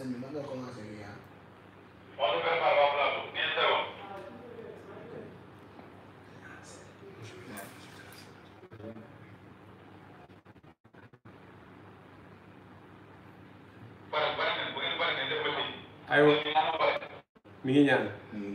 sëñ bi lan nga commencé di ñaan. on se prépare waa plateau dix secondes. aywa mi ngi ñaan. Mm.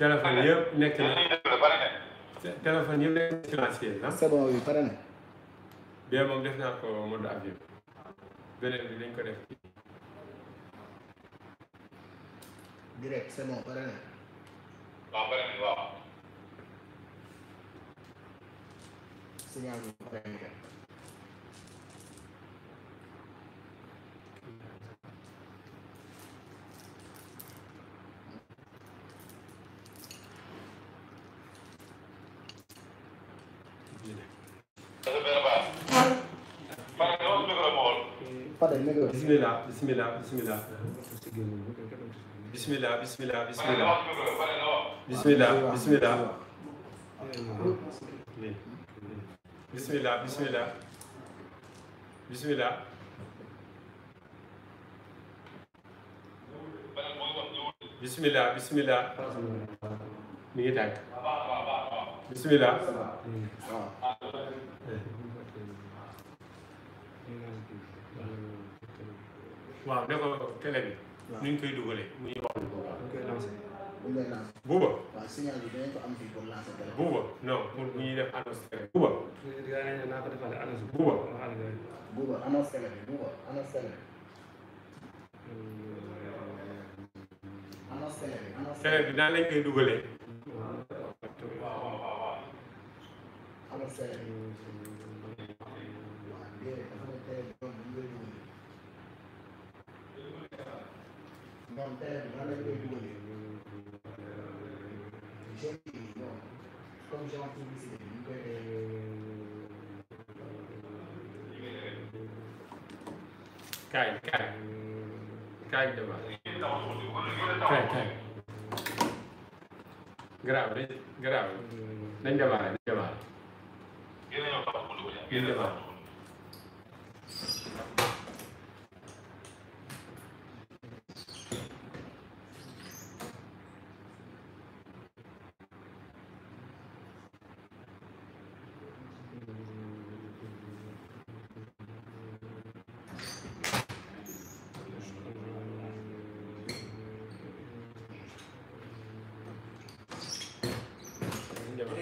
téléphone yëpp nekk na téléphone yëpp nekk na silencieux ah. pare na. bee moom def naa ko mode avion beneen bi dañ ko def. direct pare na. waaw pare na waaw. signal bi pare na. bismillah bismillah bismillah bismillah bismillah bismillah bismillah bismillah bismillah bismillah bismillah bismillah bismillah mi ngi tàkk bismillah waaw defal ko télé bi. waaw ni ñu koy dugalee mu ñu wax. waaw ñu koy lancé. bu ñu koy lancé. buuba. waaw signal bi dinañ ko am fii pour lancer télé. buuba non pour bu ñuy def annonce télé. buuba. yaa ngi ne naa ko defalee annonce bi. buuba. buuba annonce télé bi buuba annonce télé bi. annonce télé bi annonce télé bi nan lañ koy dugalee. waaw waaw waaw. annonce télé bi. waaw déedéet dafa télé bi. ñoom télé bi nan lañ koy dugalee jeunes yi ñoom comme genre publicité bi ñu koy dee. kaay kaay kaay demal kaay kaay. grave de grave. nañ démarré nañ démarré. nañ démarré.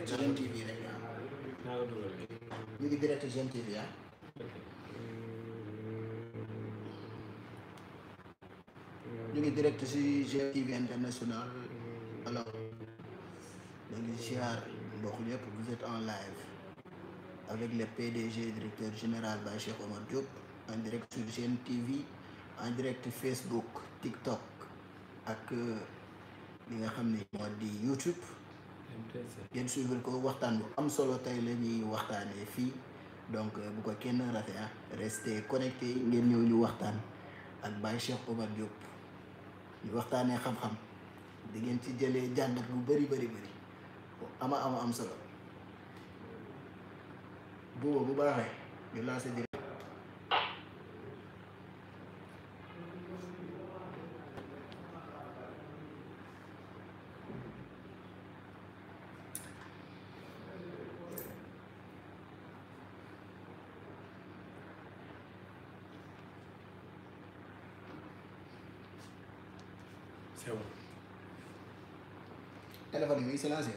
Jeune TV rek la am. ñu ngi direct Jeune TV ah. ñu ngi direct si Jeune TV ah. international alors ñu ngi avec le PDG directeur général Baye Cheikh Omar Diop en direct sur Jeune TV en direct Facebook TikTok ak euh, li nga xam ni moo di YouTube. ngeen suivre ko waxtaan bu am solo tey la ñuy waxtaanee fii donc euh, bu ko kenn rafet ah restez ngeen ñëw ñu waxtaan ak Baye Cheikh Omar Diop ñu waxtaanee xam-xam di ngeen ci jëlee jàngat bu bari bari bëri ama ama am solo bu bu baaxee ñu lancer c'est la gère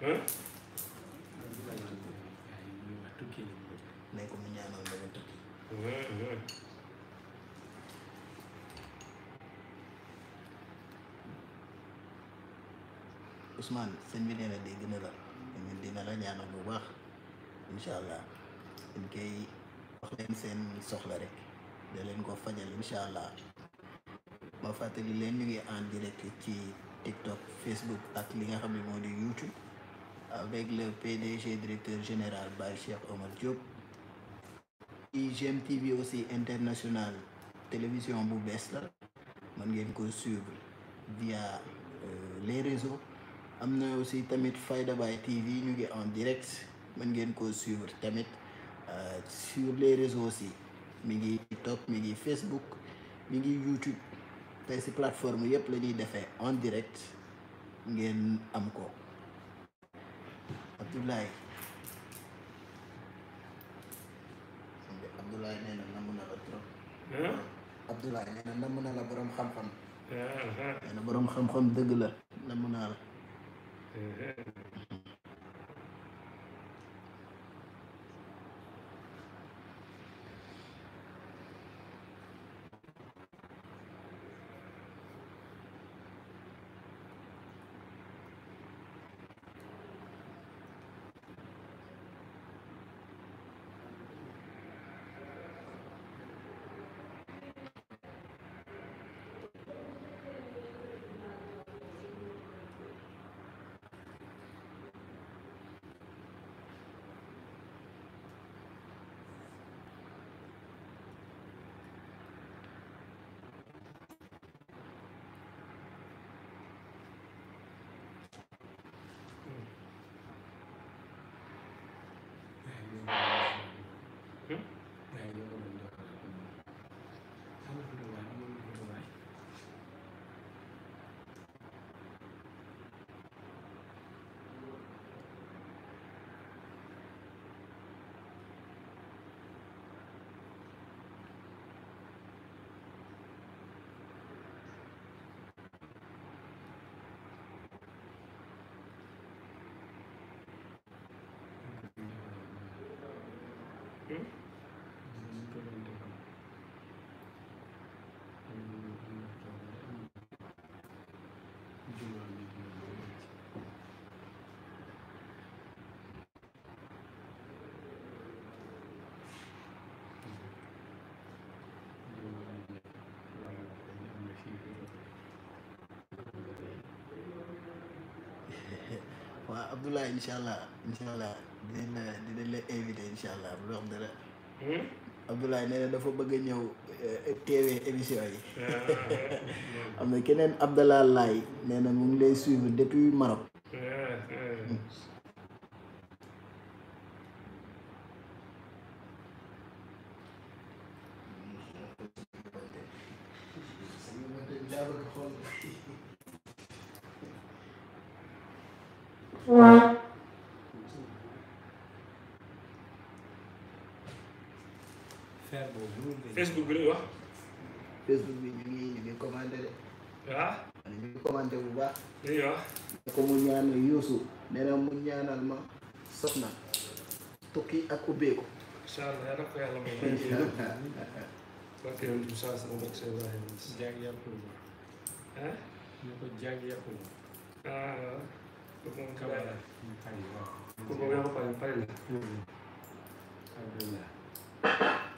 Hmm? ne ko mu ñaanal ba nga tukki. Ousmane sëñ bi nee na dégg na la ñun dina la ñaanal bu baax incha allah dañ koy wax leen seen soxla rek da leen ko fajal incha allah ma fàttali leen ñu ngi en direct ci TikTok Facebook ak li nga xam ne moo di YouTube. avec le PDG directeur général Baye Cheikh Omar Diop IGMTV aussi international télévision bu bees la mën ngeen ko suivre via euh, les réseaux am na aussi tamit Fayda Baye TV ñu ngi en direct mën ngeen ko suivre tamit euh, sur les réseaux aussi mi ngi TikTok mi ngi Facebook mi ngi YouTube te si plateforme yëpp la ñuy defee en direct ngeen am ko Abdoulaye waaw Abdoulaye incha allah incha allah dinañ la dinañ la invité incha allah bu hmm? doon dafa bëgg a ñëw eh, teewee émission yi. Ah, am na keneen Abdallah Laye nee na mu ngi lay suivre depuis Maroc. incha allah yal na ko yàlla may. incha allah barke yow Moussa Sama barke Seydou Ibrahima. jaag yàqul ma. ah. ñu ko jaag yàqul ma. ah waaw. kooku moom Kaolack la. Aliou waaw. kooku moom yaa ko Paris Paris la. alhamdulilah.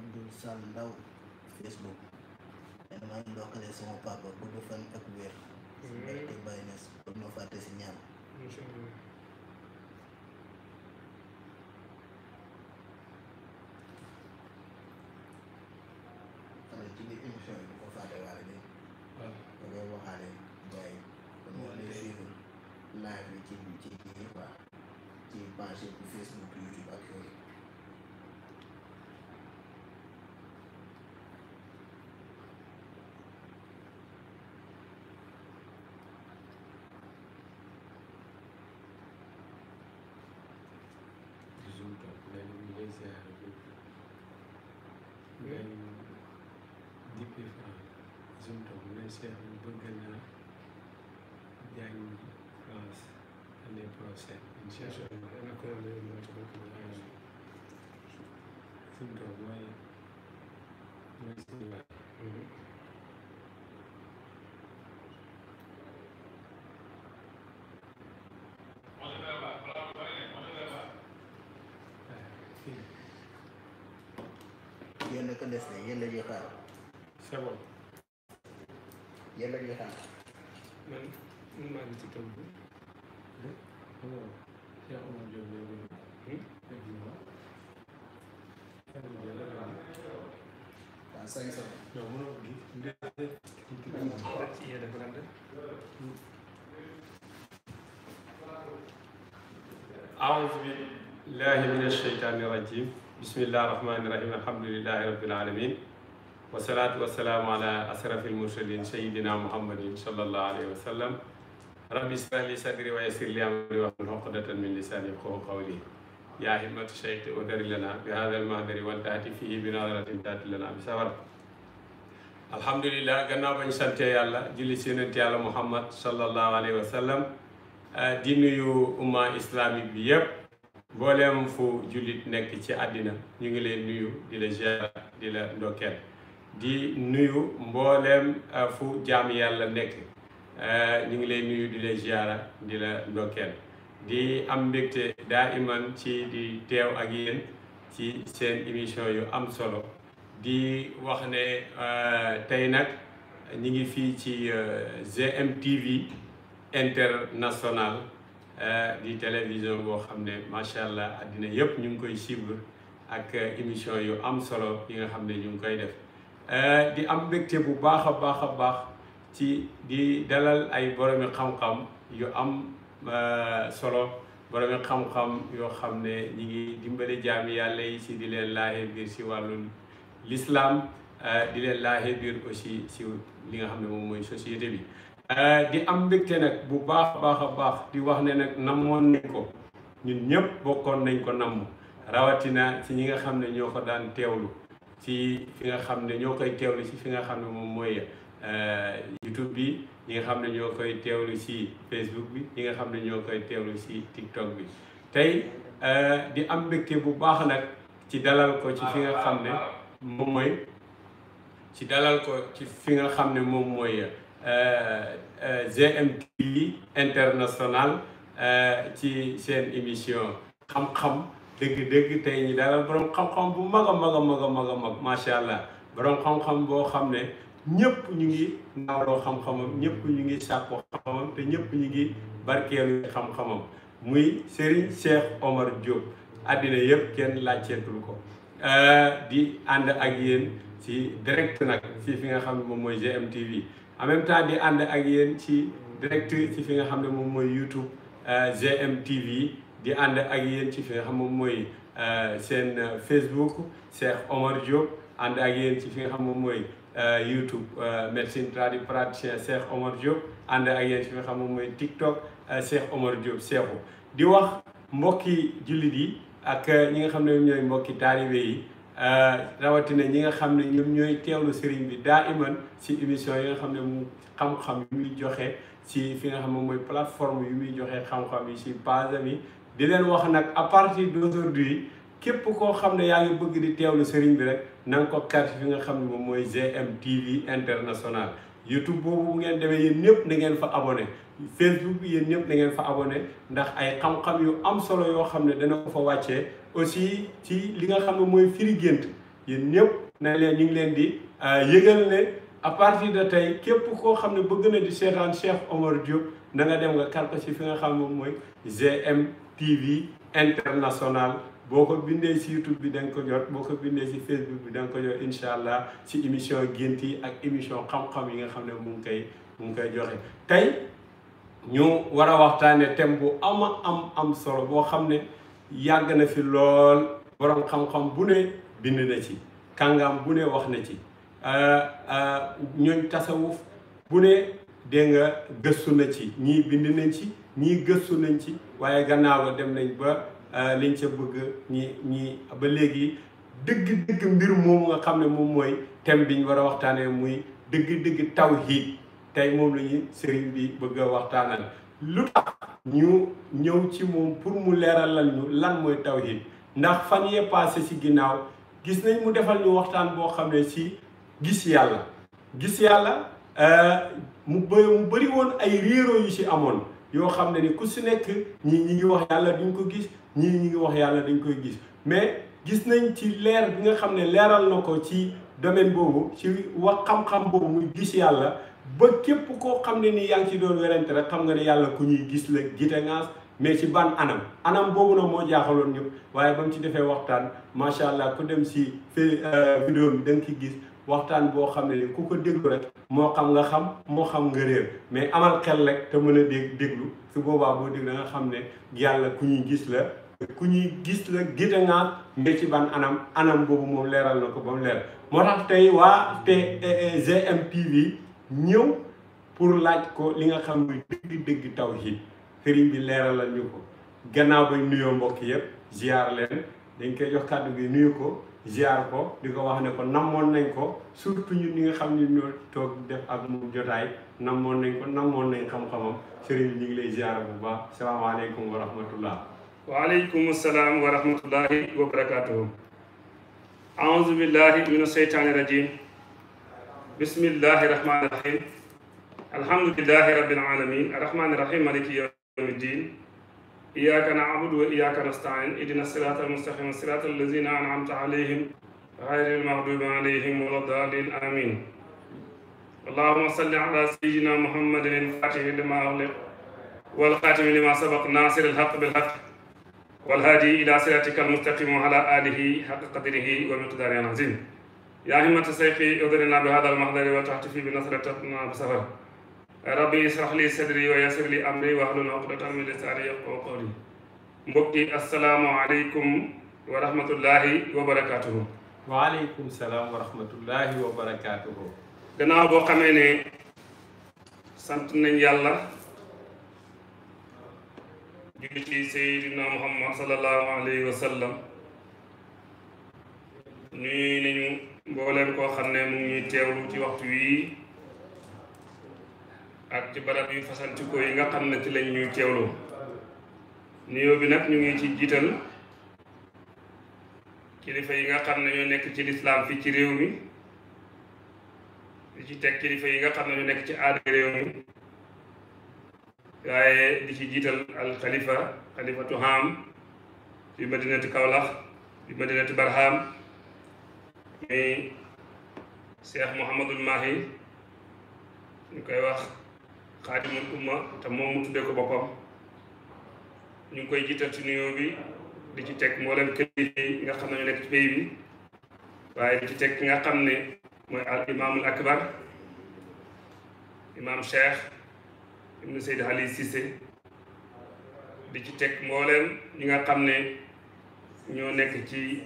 Abdou Sall Ndaw Facebook nee na ndokkale sama papa gudd fan ak wér si ma fàtte si ñaan xam ci biir émission bi bu fàtte waale de da waxaale gars yi kon moo lay live bi ci ci biir quoi ci page bu Facebook YouTube ak yooyu lay ziare ngay dippee France Zoumtong ne Cheikh bi bëgg naa jàngi France année prochaine incha allah Zoumtong mooy mooy na ko des de yéen la ñuy xaar. c'est bon. yéen la ñuy xaar. man man maa ngi ci taw bi. waaw cinq cent. non mënoo ko gis. yéen a ko lan de. أعوذ بالله من الشيطان الرجيم bismillah rahmaani rahim alhamdulilahi rabbil alamin wasalaatu wasalaamu ala asrafil mursalin sayidina muhammadin sallallahu alayhi wa sallam rabbi israh li sadri wa yassir li amri wahlul uqdatan min lisani yafqahu qawli yaa himmatu cheikh udari lana bi hada almahdari waltaati fihi bi nadratin taati lana bi sawar alhamdulilah gannaaw bañ santee yàlla julli si yonent yàlla muhammad sallallahu alayhi wa sallam di nuyu umma islamique bi yépp mboolem fu jullit nekk ci àddina ñu ngi lay nuyu di la ziar di la ndokkeel di nuyu mbooleem ah, fu jaam yàlla nekk eh, ñu ngi lay nuyu di la ziara di la ndokkeel di am mbégte daa iman ci di teew ak yéen ci seen émission yu am solo di wax ne eh, tey nag ñu ngi fii ci eh, GMTV international Euh, di télévision boo xam ne macha allah àddina yëpp ñu ngi koy suivre ak euh, émission yu am solo yi nga xam ne ñu ngi koy def euh, di am mbégte bu baax a baax a baax ci di dalal ay boromi xam-xam yu am solo boromi xam-xam yoo xam ne ñi ngi dimbale jaami yàlla yi si di leen laaye biir si wàllu l'islam di leen laaye biir aussi si li nga xam ne moom mooy société bi Eh, di am mbégte nag bu baax a baax a baax di wax ne nag namoon nañ ko ñun ñëpp bokkoon nañ ko namm rawatina ci ñi nga xam ne ñoo ko daan teewlu ci fi nga xam ne ñoo koy ci fi nga xam ne moom mooy eh, YouTube bi ñi nga xam ne ñoo koy teewlu ci Facebook bi ñi nga xam ne ñoo koy teewlu ci TikTok bi tey eh, di am mbégte bu baax nag ci dalal ko ci fi nga xam ne moom mooy ci dalal ko ci fi nga xam ne moom mooy. Euh, euh, GMTV international euh, ci seen émission xam-xam dëgg-dëgg tey ñi dara borom xam-xam bu mag a mag mag a macha allah borom xam-xam boo xam ne ñëpp ñu ngi naawloo xam-xamam ñëpp ñu ngi sàkku xam-xamam te ñëpp ñu ngi barkeelu xam-xamam muy Serigne Cheikh Omar Diop àddina yëpp kenn laajteetul ko di ànd ak yéen ci direct nag ci fi nga xam ne moom mooy GMTV. en temps di ànd ak yéen ci direct ci fi nga xam ne moom mooy YouTube euh, GMTV di ànd ak yéen ci fi moom mooy euh, seen euh, Facebook Cheikh Omar Diop ànd ak yéen ci fi nga xam moom mooy YouTube médecine tradipraticien Cheikh Omar Diop ànd ak yéen ci fi nga xam moom mooy TikTok Cheikh Omar Diop Cheikhou di wax mbokki jullit yi ak ñi nga xam ne ñooy mbokki taalibe yi Euh, rawatina ñi nga xam ne ñoom ñooy teewlu sëriñ bi daa iman si émission yi nga xam ne mu xam-xam yu muy joxe si fi nga xam ne mooy plateforme yu muy joxe xam-xam yi si base yi di leen wax nag à partir d'aujourd'hui képp koo xam ne yaa ngi bëgg di teew lu sëriñ bi rek na nga ko kar fi nga xam ne moom mooy GMTV international YouTube boobu bu ngeen demee yéen ñëpp na ngeen fa abonné Facebook yéen ñëpp na ngeen fa abonné ndax ay xam-xam yu am solo yoo xam ne dana ko fa wàccee aussi ci li nga xam ne mooy firi gént yéen ñëpp nañ leen ñu ngi leen di euh, yëgal ne à partir de tey képp koo xam ne bëgg na di seetaan Cheikh Omar Diop na nga dem nga karta si fi nga xam ne mooy GM TV international boo ko bindee si bi da nga jot boo ko bindee si Facebook bi da ko jot incha allah si émission gént yi ak émission xam-xam yi nga xam ne mu ngi koy mu ngi koy joxe tey ñu war a waxtaane thème bu ama am am solo boo xam ne yàgg na fi lool borom xam-xam bu ne bind na ci kàngaam bu ne wax na ci euh, euh, ñooñ tasawuf bu ne dégg nga gëstu na ci ñii bind nañ ci ñii gëstu nañ ci waaye gannaaw dem nañ ba euh, liñ ca bëgg ñi ñi ba léegi dëgg-dëgg mbir moomu nga xam ne moom mooy thème biñ war a waxtaanee muy dëgg taw tawhid tey moom la ñu sëriñ bi bëgg a waxtaanal ñu ñëw ci moom pour mu leeralal ñu lan mooy taw tawhid ndax fan yee passé ci ginnaaw gis nañ mu defal ñu waxtaan boo xam ne ci gis yàlla gis yàlla euh, mu bëri mu bëri woon ay réero yu ci amoon yoo xam ne ni ku si nekk ñii ñi ngi wax yàlla duñ ko gis ñi ñi ngi wax yàlla dañ koy gis mais gis nañ ci leer bi nga xam ne leeral na ko ci domaine boobu ci wax xam-xam boobu muy gis yàlla ba képp koo xam ne nii yaa ngi ci doon werante rek xam nga ne yàlla ku ñuy gis la giteŋaas mais ci ban anam anam boobu nag moo jaaxaloon ñëpp waaye ba mu defee waxtaan macha allah ku dem si fi euh, vidéo bi da ci gis waxtaan boo xam ne ni ku ko rek moo xam nga xam moo xam nga réer mais amal rek te mën a dég déglu su boobaa boo dégg xam ne yàlla ku ñuy gis la ku ñuy gis la giteŋaas mais ci ban anam anam boobu moom leeral na ko ba mu leer moo tax tey waa te e, GMTV ñëw pour laaj ko li nga xam ne dëgg-dëgg tawhid sëriñ bi leeral ñu ko gannaaw ba nuyoo mbokk yëpp ziar leen dañ koy jox kàddu gi nuyu ko ziar ko di ko wax ne ko namoon nañ ko surtout ñun ñi nga xam ni ñoo toog def ak mu jotaay namoon nañ ko namoon nañ xam-xamam sëriñ bi ñu ngi lay bu baax salaamaaleykum wa rahmatullah waaleykum salaam wa rahmatullahi wa barakaatuhu aouzu billahi mina sheytaani rajim bismillahi rahmaani rahim alhamdulilahi rabbil alamin arrahmaani rahim maliki yawmi ddin iyyaka na'budu wa iyyaka nasta'in ihdina siraatal mustaqim siraatal lazina an'amta alayhim ghayril maghdubi alayhim wala ddaalin amin allahumma salli ala sayyidina muhammadin al-faatihi lima ughliq wal xaatimi lima sabaq naasiril haqq bil haqq wal haadi ila siraatikal mustaqim wa ala aalihi haqqa qadrihi wa miqdaarihi al-aziim yaa himmata sayqi udrina bi hadal mahdari wal tahtifi bi nasratatna bi safar rabbi israh li sadri wa yassir li amri wahlul uqdatan min lisani yafqahu qawli mbokki asalaamu aleykum wa rahmatullahi wa barakatuhu waaleykum salaam wa rahmatullahi wa barakatuhu gannaaw boo xamee ne sant nañ yàlla julli ci seydina muhammad sallallahu alayhi wa sallam nuyu nañu mbooleem koo xam ne mu ngi ñuy teewlu ci waxtu wii ak ci barab yu fasantikoo yi nga xam ne ci lañ ñuy teewlu nuyoo bi nag ñu ngi ci jiital kilifa yi nga xam ne ñoo nekk ci lislaam fi ci réew mi di ci teg yi nga xam ne ñoo nekk ci aada réew mi waaye di ci jiital al xalifa xalifatu ham fi madinati kawlax fi madinati barham mi Cheikh Mouhamadul Mahi ñu koy wax xaadimul umma te moom mu tuddee ko boppam ñu ngi koy jiital ci nuyoo bi di ci teg moo leen yi nga xam ne ñu bi waaye di ci teg ki nga xam ne mooy al imaamul akbar imaam Cheikh ibnu Seyd di ci teg mbooleem ñi nga xam ne ñoo nekk ci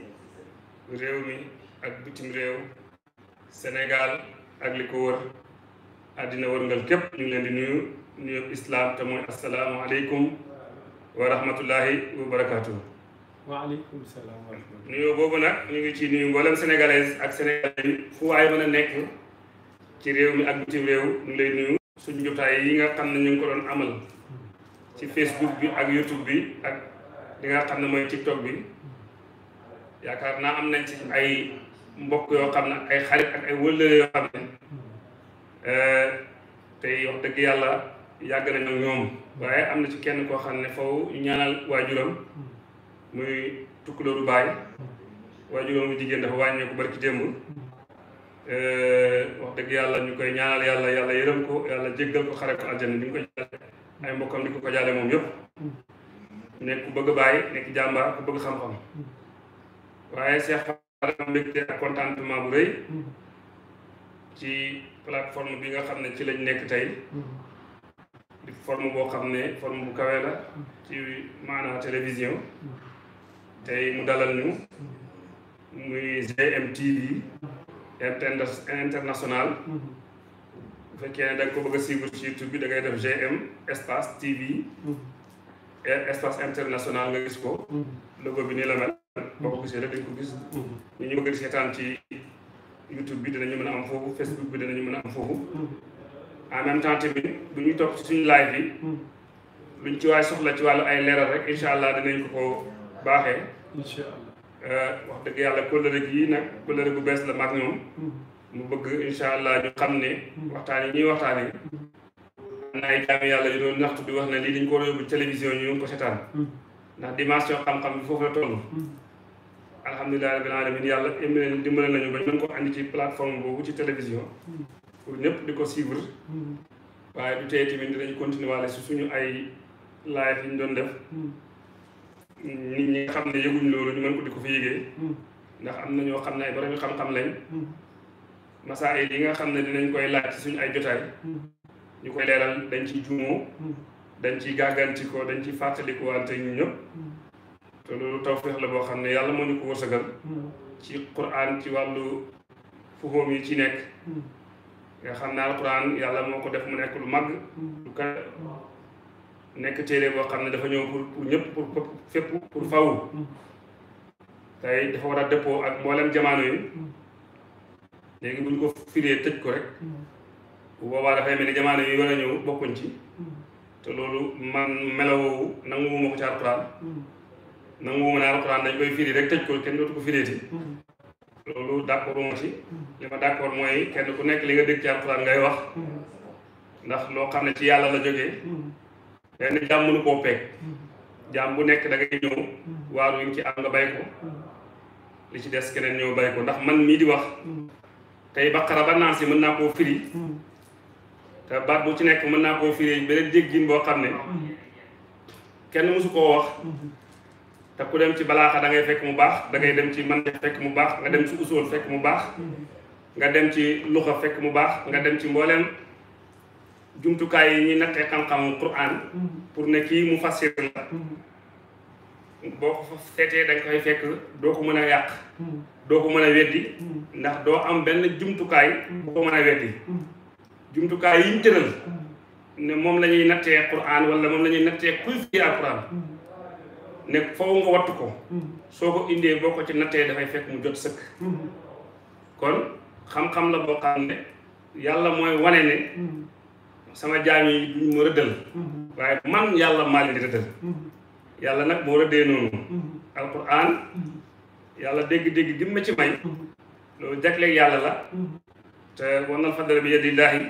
réew mi ak bitim réew Sénégal ak li ko wër àddina wërngal képp ñu leen di nuyu nuyub islaam te mooy asalaamualeykum wa rahmatullahi wa barakatuh waaleykum boobu nag ñu ngi ci nuyu mboolem sénégalaise ak sénégalais fu waaye mën a nekk ci réew mi ak bitim réew ñu lay nuyu suñu jotaay yi nga xam ne ñu ngi ko doon amal ci facebook bi ak youtube bi ak li nga xam ne mooy tiktok bi yaakaar naa am nañ ci ay mbokk yoo xam ne ay xarit ak ay wëllëre yoo xam ne euh, tey wax dëgg yàlla yàgg nañ ak ñoom waaye am na ci kenn koo xam ne faw ñu ñaanal waajuram muy tukkulóoru baay waajuram bu jigéen ku wàññeeku barki démb euh, wax dëgg yàlla ñu koy ñaanal yàlla yàlla yërëm ko yàlla jéggal ko xare ko aljana bi ñu koy jaale ay mbokkam di ko ko jaale moom yëpp nekk ku bëgg a bàyyi nekk jàmbaar ku bëgg xam-xam waaye seex am mbégte ak contentement bu rëy mm-hmm. ci plateforme bi nga xam ne ci lañ nekk tey mm-hmm. di forme boo xam ne forme bu kawe la mm-hmm. ci maanaam télévision tey mu dalal ñu muy GMTV inter international bu fekkee ne da ko bëgg a suivre ci YouTube bi da ngay def GM espace TV e- espace international nga gis ko logo bi nii la mel boo ko gisee rek dañ ko gis ñu ñu bëgg di seetaan ci YouTube bi dinañu mën a am foofu Facebook bi dinañu mën a am foofu mhm. en temps bu ñuy topp ci suñu live bi mhm. luñ ci waay soxla ci wàllu ay leeral rek incha allah dinañ ko ko baaxee incha euh, wax dëgg yàlla kóllëre yi nag kóllëre bu bees la mag ñoom mhm. mu bëgg incha allah ñu xam ne waxtaan yi ñuy waxtaan yi am na ay jaami yàlla yu doon naxtu di wax ne lii dañ ko war a yóbbu télévision ñu ko seetaan ndax dimension xam-xam bi foofu la toll alhamdulilah rabbil alamin yàlla émi dimbale nañ ba ñu mën ko andi ci plateforme boobu ci télévision pour ñëpp di ko suivre waaye du tey tamit dinañ continuer waale si suñu ay live yi ñu doon def nit ñi nga xam ne yëguñ loolu ñu mën ko di ko fi yëgee ndax am na ñoo xam ne ay borom xam-xam lañ masaa yi nga xam ne dinañ koy laaj suñu ay jotaay ñu koy leeral dañ ci juumoo dañ ciy gàggantikoo dañ ciy fàttalikuwante ñu ñëpp te loolu tawfeex la boo xam ne yàlla moo ñu ko wërsëgal ci quraan ci wàllu fuhóom yi ci nekk nga xam ne alquran yàlla moo ko def mu nekk lu mag lu ka nekk téere boo xam ne dafa ñëw pour pour ñëpp pour fépp pour fawu tey dafa war a dëppoo ak mboolem jamaano yi léegi bu ñu ko firee tëj ko rek bu boobaa dafay mel ni jamaano yi war a ñëw bokkuñ ci te loolu man melawoowu nanguwuma ko ci alquran nanguwuma ne alxuraan dañ koy firi rek tëj ko kenn dootu ko fireeti mm-hmm. loolu d'accord ma si mm-hmm. li ma d'accord mooy kenn ku nekk li nga dégg ci alxuraan ngay wax mm-hmm. ndax loo xam ne ci yàlla la jógee benn jaam bu nekk da ngay ñëw waaru ci am nga bay li ci des keneen ñëw bay ko ndax man mii di wax tey baqara ba naan si mën naa koo firi te baat bu ci nekk mën naa koo firi beneen déggin boo xam ne kenn mësu koo wax te ku dem ci balaaxa da fekk mu baax da ngay dem ci man fekk mu baax nga dem ci usul fekk mu baax nga dem ci luxa fekk mu baax nga dem ci mbooleem jumtukaay yi ñuy nattee xam ne kii mu fassir la boo ko seetee koy fekk doo ko mën a yàq doo ko mën a weddi ndax doo am benn jumtukaay boo ko yi ñu tëral ne moom la ñuy nattee Qur'an wala moom la ñuy nattee kuy firi Qur'an ne foo nga wattu ko mm. soo ko indee boo ko ci nattee dafay fekk mu jot sëkk mm. kon xam-xam la boo xam ne yàlla mooy wane ne mm. sama jaam yi duñu ma rëddal waaye man yàlla maa leen rëddal yàlla nag moo rëddee noonu alquran yàlla dégg-dégg gi ma ci may loolu jagleeg yàlla la te war nal fadala bi yadillaahi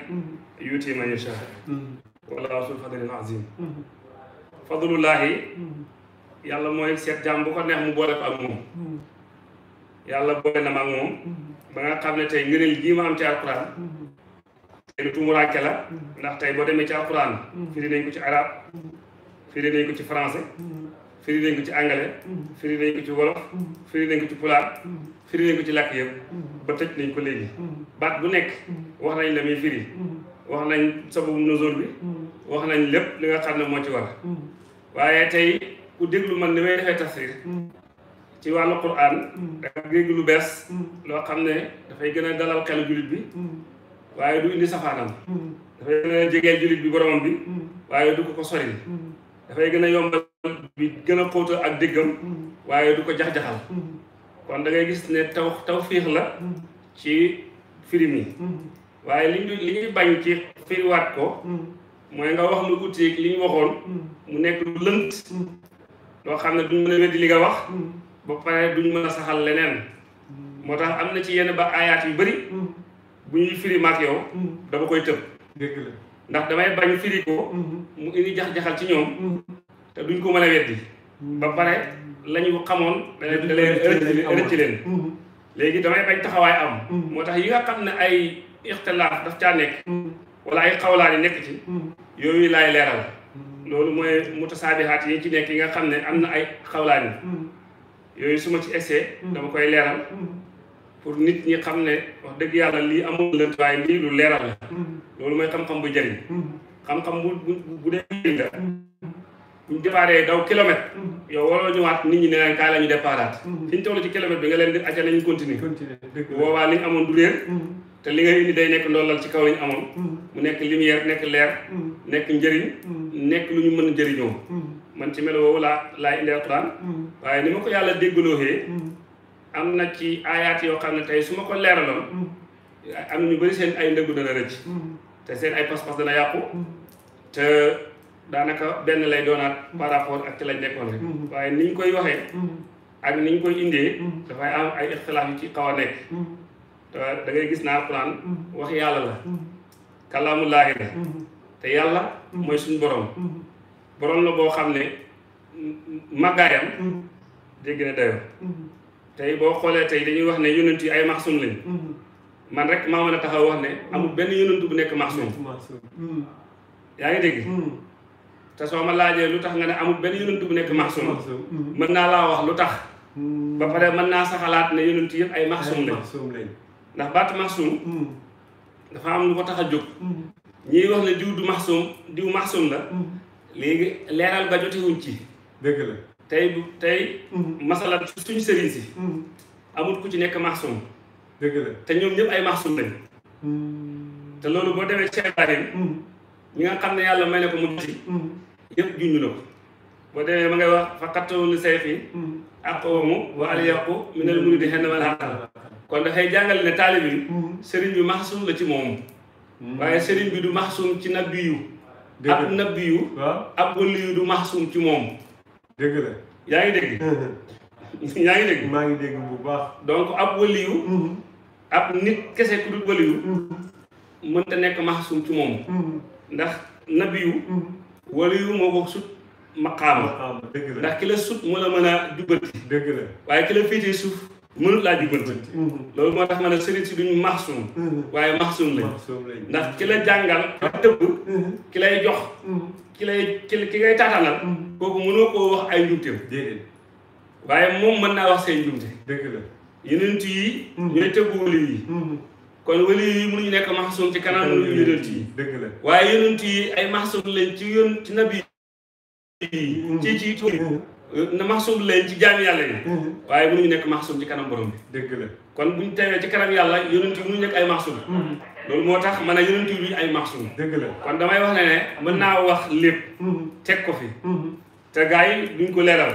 yuuti man yashaa wala rasul fadalin azim fadlullaahi yàlla mooy seet jaam bu ko neex mu boole ko ak moom hmm. yàlla boole na ma ak moom hmm. ba nga xam ne tey ngëneel gii ma am ci alquran hmm. tey lu la ndax tey boo demee ci alquran firi nañ ko ci arab firi nañ ko ci français firi nañ ko ci anglais firi nañ ko ci wolof firi nañ ko ci pulaar firi nañ ko ci làkk yëpp ba tëj nañ ko léegi baat bu nekk wax nañ la muy firi wax nañ sababu nuzul bi wax nañ lépp li nga xam ne moo ci war waaye tey ku déglu man ni may defee tafsir ci wàll quraan danga dégg lu bees loo xam ne dafay gën a dalal xelu jullit bi waaye du indi safaanam dafay gën a jege jullit bi boromam bi waaye du ko ko soril dafay gën a yombal bi gën a xóotal ak déggam waaye du ko jax-jaxal kon dangay gis ne taw tawfiix la ci firim yi waaye li ñu li ñuy bañ ci firiwaat ko mooy nga wax lu uti li ñu waxoon mu nekk lu lënt loo xam ne duñ mën a weddi li nga wax mm. ba pare duñ mën a saxal leneen mm. moo tax am na ci yenn ba ayaat yu bari mm. bu ñuy firi maak yow dama koy tëb ndax damay bañ firi ko mm-hmm. mu indi jax-jaxal ci ñoom mm-hmm. te duñ ko mën a weddi mm-hmm. ba pare lañu xamoon da leen rëcc leen léegi damay bañ taxawaay am moo tax yi nga xam ne ay ixtilaaf daf caa nekk wala ay xawlaani nekk ci yooyu laay leeral loolu mooy saabi mutasaabihaat yi ci nekk yi nga xam ne am na ay xawlaani mm-hmm. yooyu su ma ci essayé mm-hmm. dama koy leeral mm-hmm. pour nit ñi xam ne wax dëgg yàlla lii amul lënt waaye lii lu leeral la loolu mooy xam-xam bu jëriñ xam-xam bu bu dee jëriñ la buñ départee daw kilomètre yow waroo ñëwaat nit ñi ne leen kaay la ñu départaat fi ñu toll ci kilomètre bi nga leen di acca nañu continuer boobaa li ñu amoon du réer te li ngay indi day nekk lal ci kaw lañ amoon mm-hmm. mu nekk lumière nekk leer mm-hmm. nekk njëriñ mm-hmm. nekk lu ñu mën a jëriñoo man ci melo woowu laa laay indi alquran waaye ni ma ko yàlla déggalooxee am na ci aayaat yoo xam ne tey su ma ko ñu bëri seen ay ndëggu dana rëcc te seen ay pas-pas dana yàqu te daanaka benn lay doonaat par rapport ak ci lañ nekkoon rek waaye ni ñu koy waxee ak ni ñu koy indee dafay am ay ixtilaaf yu ci xaw a nekk Euh, da ngay gis na alquran mm-hmm. wax yàlla la mm-hmm. kalaamullaahi la mm-hmm. te yàlla mooy suñu boroom borom la boo xam ne màggaayam dégg na dayoo tey boo xoolee tey dañuy wax ne yonent yi ay maxsum lañ man rek maa mën a taxaw wax ne amul benn yonent bu nekk maxsum yaa ngi dégg te soo ma laajee lu tax nga ne amul benn yonent bu nekk maxsum mën naa laa wax lu tax ba pare mën naa sa xalaat ne yonent yëpp ay maxsum lañ ndax baatu maxsum mm. dafa am lu ko tax a jóg mm. ñiy wax ne diw du maxsum diw maxsum la mm. léegi leeral ba jotewuñ ci dëgg la tey tey masalan suñu sëriñ si amul ku ci nekk maxsum dëgg la te ñoom ñëpp ay maxsum lañ te loolu boo demee ci Ibrahim ñi nga xam ne yàlla may ne ko mu ci yëpp junñu na ko boo demee ma ngay wax fa xattawul sayfi aqwamu wa alyaqu minal muridi xenn wal xatal kon dafay jàngale ne taalibe bi mm-hmm. sëriñ bi maxsum la ci moom mm-hmm. waaye sëriñ bi du maxsum ci nabbi yu ab nabbi yu ab wëlli yu du maxsum ci moom dëgg la yaa ngi dégg mm-hmm. yaa ngi dégg maa ngi dégg bu baax donc ab wëlli yu ab nit kese ku dul wëlli mënta nekk maxsum ci moom ndax nabbi yu wëlli yu moo ko sut maqaama ndax ki la sut mu la mën a jubbati dëgg la waaye ki la féetee suuf mënut laa jubbanti mm-hmm. loolu moo tax ma ne sëriñ si duñ maxsum mm-hmm. waaye maxsum lañ ndax ki la jàngal la dëbb mm-hmm. ki lay jox ki lay ki ki ngay taatanal kooku mënoo koo wax ay njumteem waaye moom mën naa wax seen njumte dëgg la yeneen yi ñooy tëbb wali yi kon wali yi mënuñu nekk maxsum ci kanam yeneen yi dëgg la waaye yeneen yi ay maxsum lañ ci yoon ci nabi yi ci ci maxsum leen ci jaami yàlla yi mhm. waaye mu mënuñu nekk maxsum ci kanam borom bi dëgg la kon ñu teewee ci kanam yàlla yonent yi mënuñu nekk ay maxsum mhm. loolu moo tax man a yonent yi ay maxsum dëgg la kon damay wax ne ne naa wax lépp mhm. teg ko fi te gars yi duñ ko leeral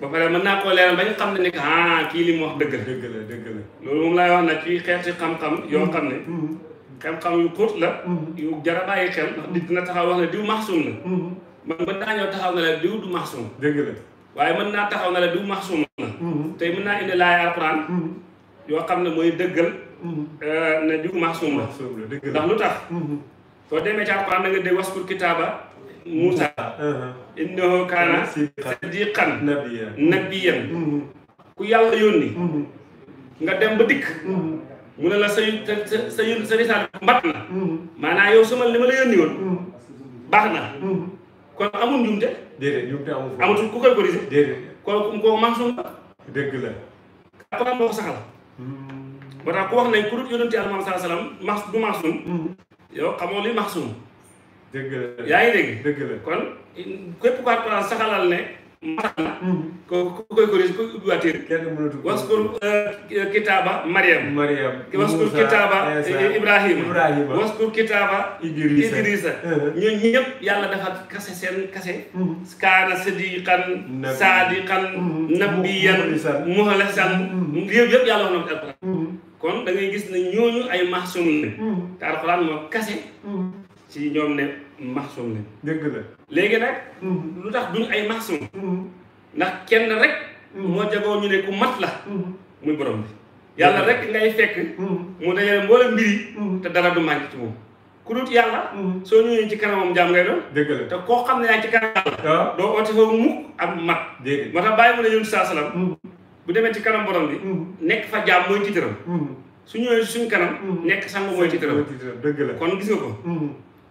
ba pare mën naa koo leeral bañ xam ne nekk ah kii li mu wax dëgg la dëgg la dëgg la loolu moom laay wax nag ci xeeti xam-xam yoo xam ne xam-xam yu xóot la yu jar a bàyyi xel ndax nit dina taxaw wax ne diw maxsum la man mën naa ñëw taxaw nga la diw du maxsum dëgg la waaye mën naa taxaw na la du maxsum na mm-hmm. tey mën naa indi laay alquran mm-hmm. yoo xam ne mooy dëggal mm-hmm. euh, ne du maxsum la ndax lu tax soo demee ci alquran da nga dégg waskur kitaaba Moussa uh-huh. innahu kaana siddiqan nabiyan ku yàlla yónni nga dem ba dikk mu ne la sa sa sa sa risaal mbat na maanaam yow sama li ma la yónni woon baax na kon amul njuumte. déedéet njuumte amul foofu amatul ku koy corriger. déedéet kooku kooku maasum la. dëgg la. alxuraan moo ko saxal. ba hmm. tax ku wax ne ku dul yonente Yàlla Muhammad sallallahu alayhi du maasum. Hmm. yow xamoo li maasum. dëgg la yaa ngi dégg. dëgg la kon képp ku alxuraan saxalal ne. Mm-hmm. ko koy corrigé koy ubbiwaatee. kenn mënatu ko waskur uh, kitaaba Mariam. Mariam waskur kitaaba eh, eh, Ibrahima. Ibrahima waskur kitaaba. Idrissa Idrissa. Uh-huh. ñun ñëpp yàlla dafa kase seen kase. Mm-hmm. kaana sadiqan. saadiqan nabiyan muxlisan yëpp yëpp yàlla wax na ko mm-hmm. kase. ci ñoom ne maxsum leen. dëgg la léegi nag. Mm-hmm. lu tax duñ ay maxsum. Mm-hmm. ndax kenn rek. Mm-hmm. moo jagoo ñu ne ku mat la. muy borom bi yàlla rek ngay fekk. mu dajale mboolem mbir yi. te dara du manqué ci moom. ku dut yàlla. soo ñëwee ci kanamam jaam ngay doon. dëgg la te koo xam ne yaa ci kanam ah. doo oote foofu mukk ak mat. dëgg la moo tax bàyyi mu ne yónni saa salaam. bu demee ci kanam borom bi. nekk fa jaam mooy tiitaram. su ñëwee suñ kanam. nekk sang mooy tiitaram. dëgg la kon gis nga ko.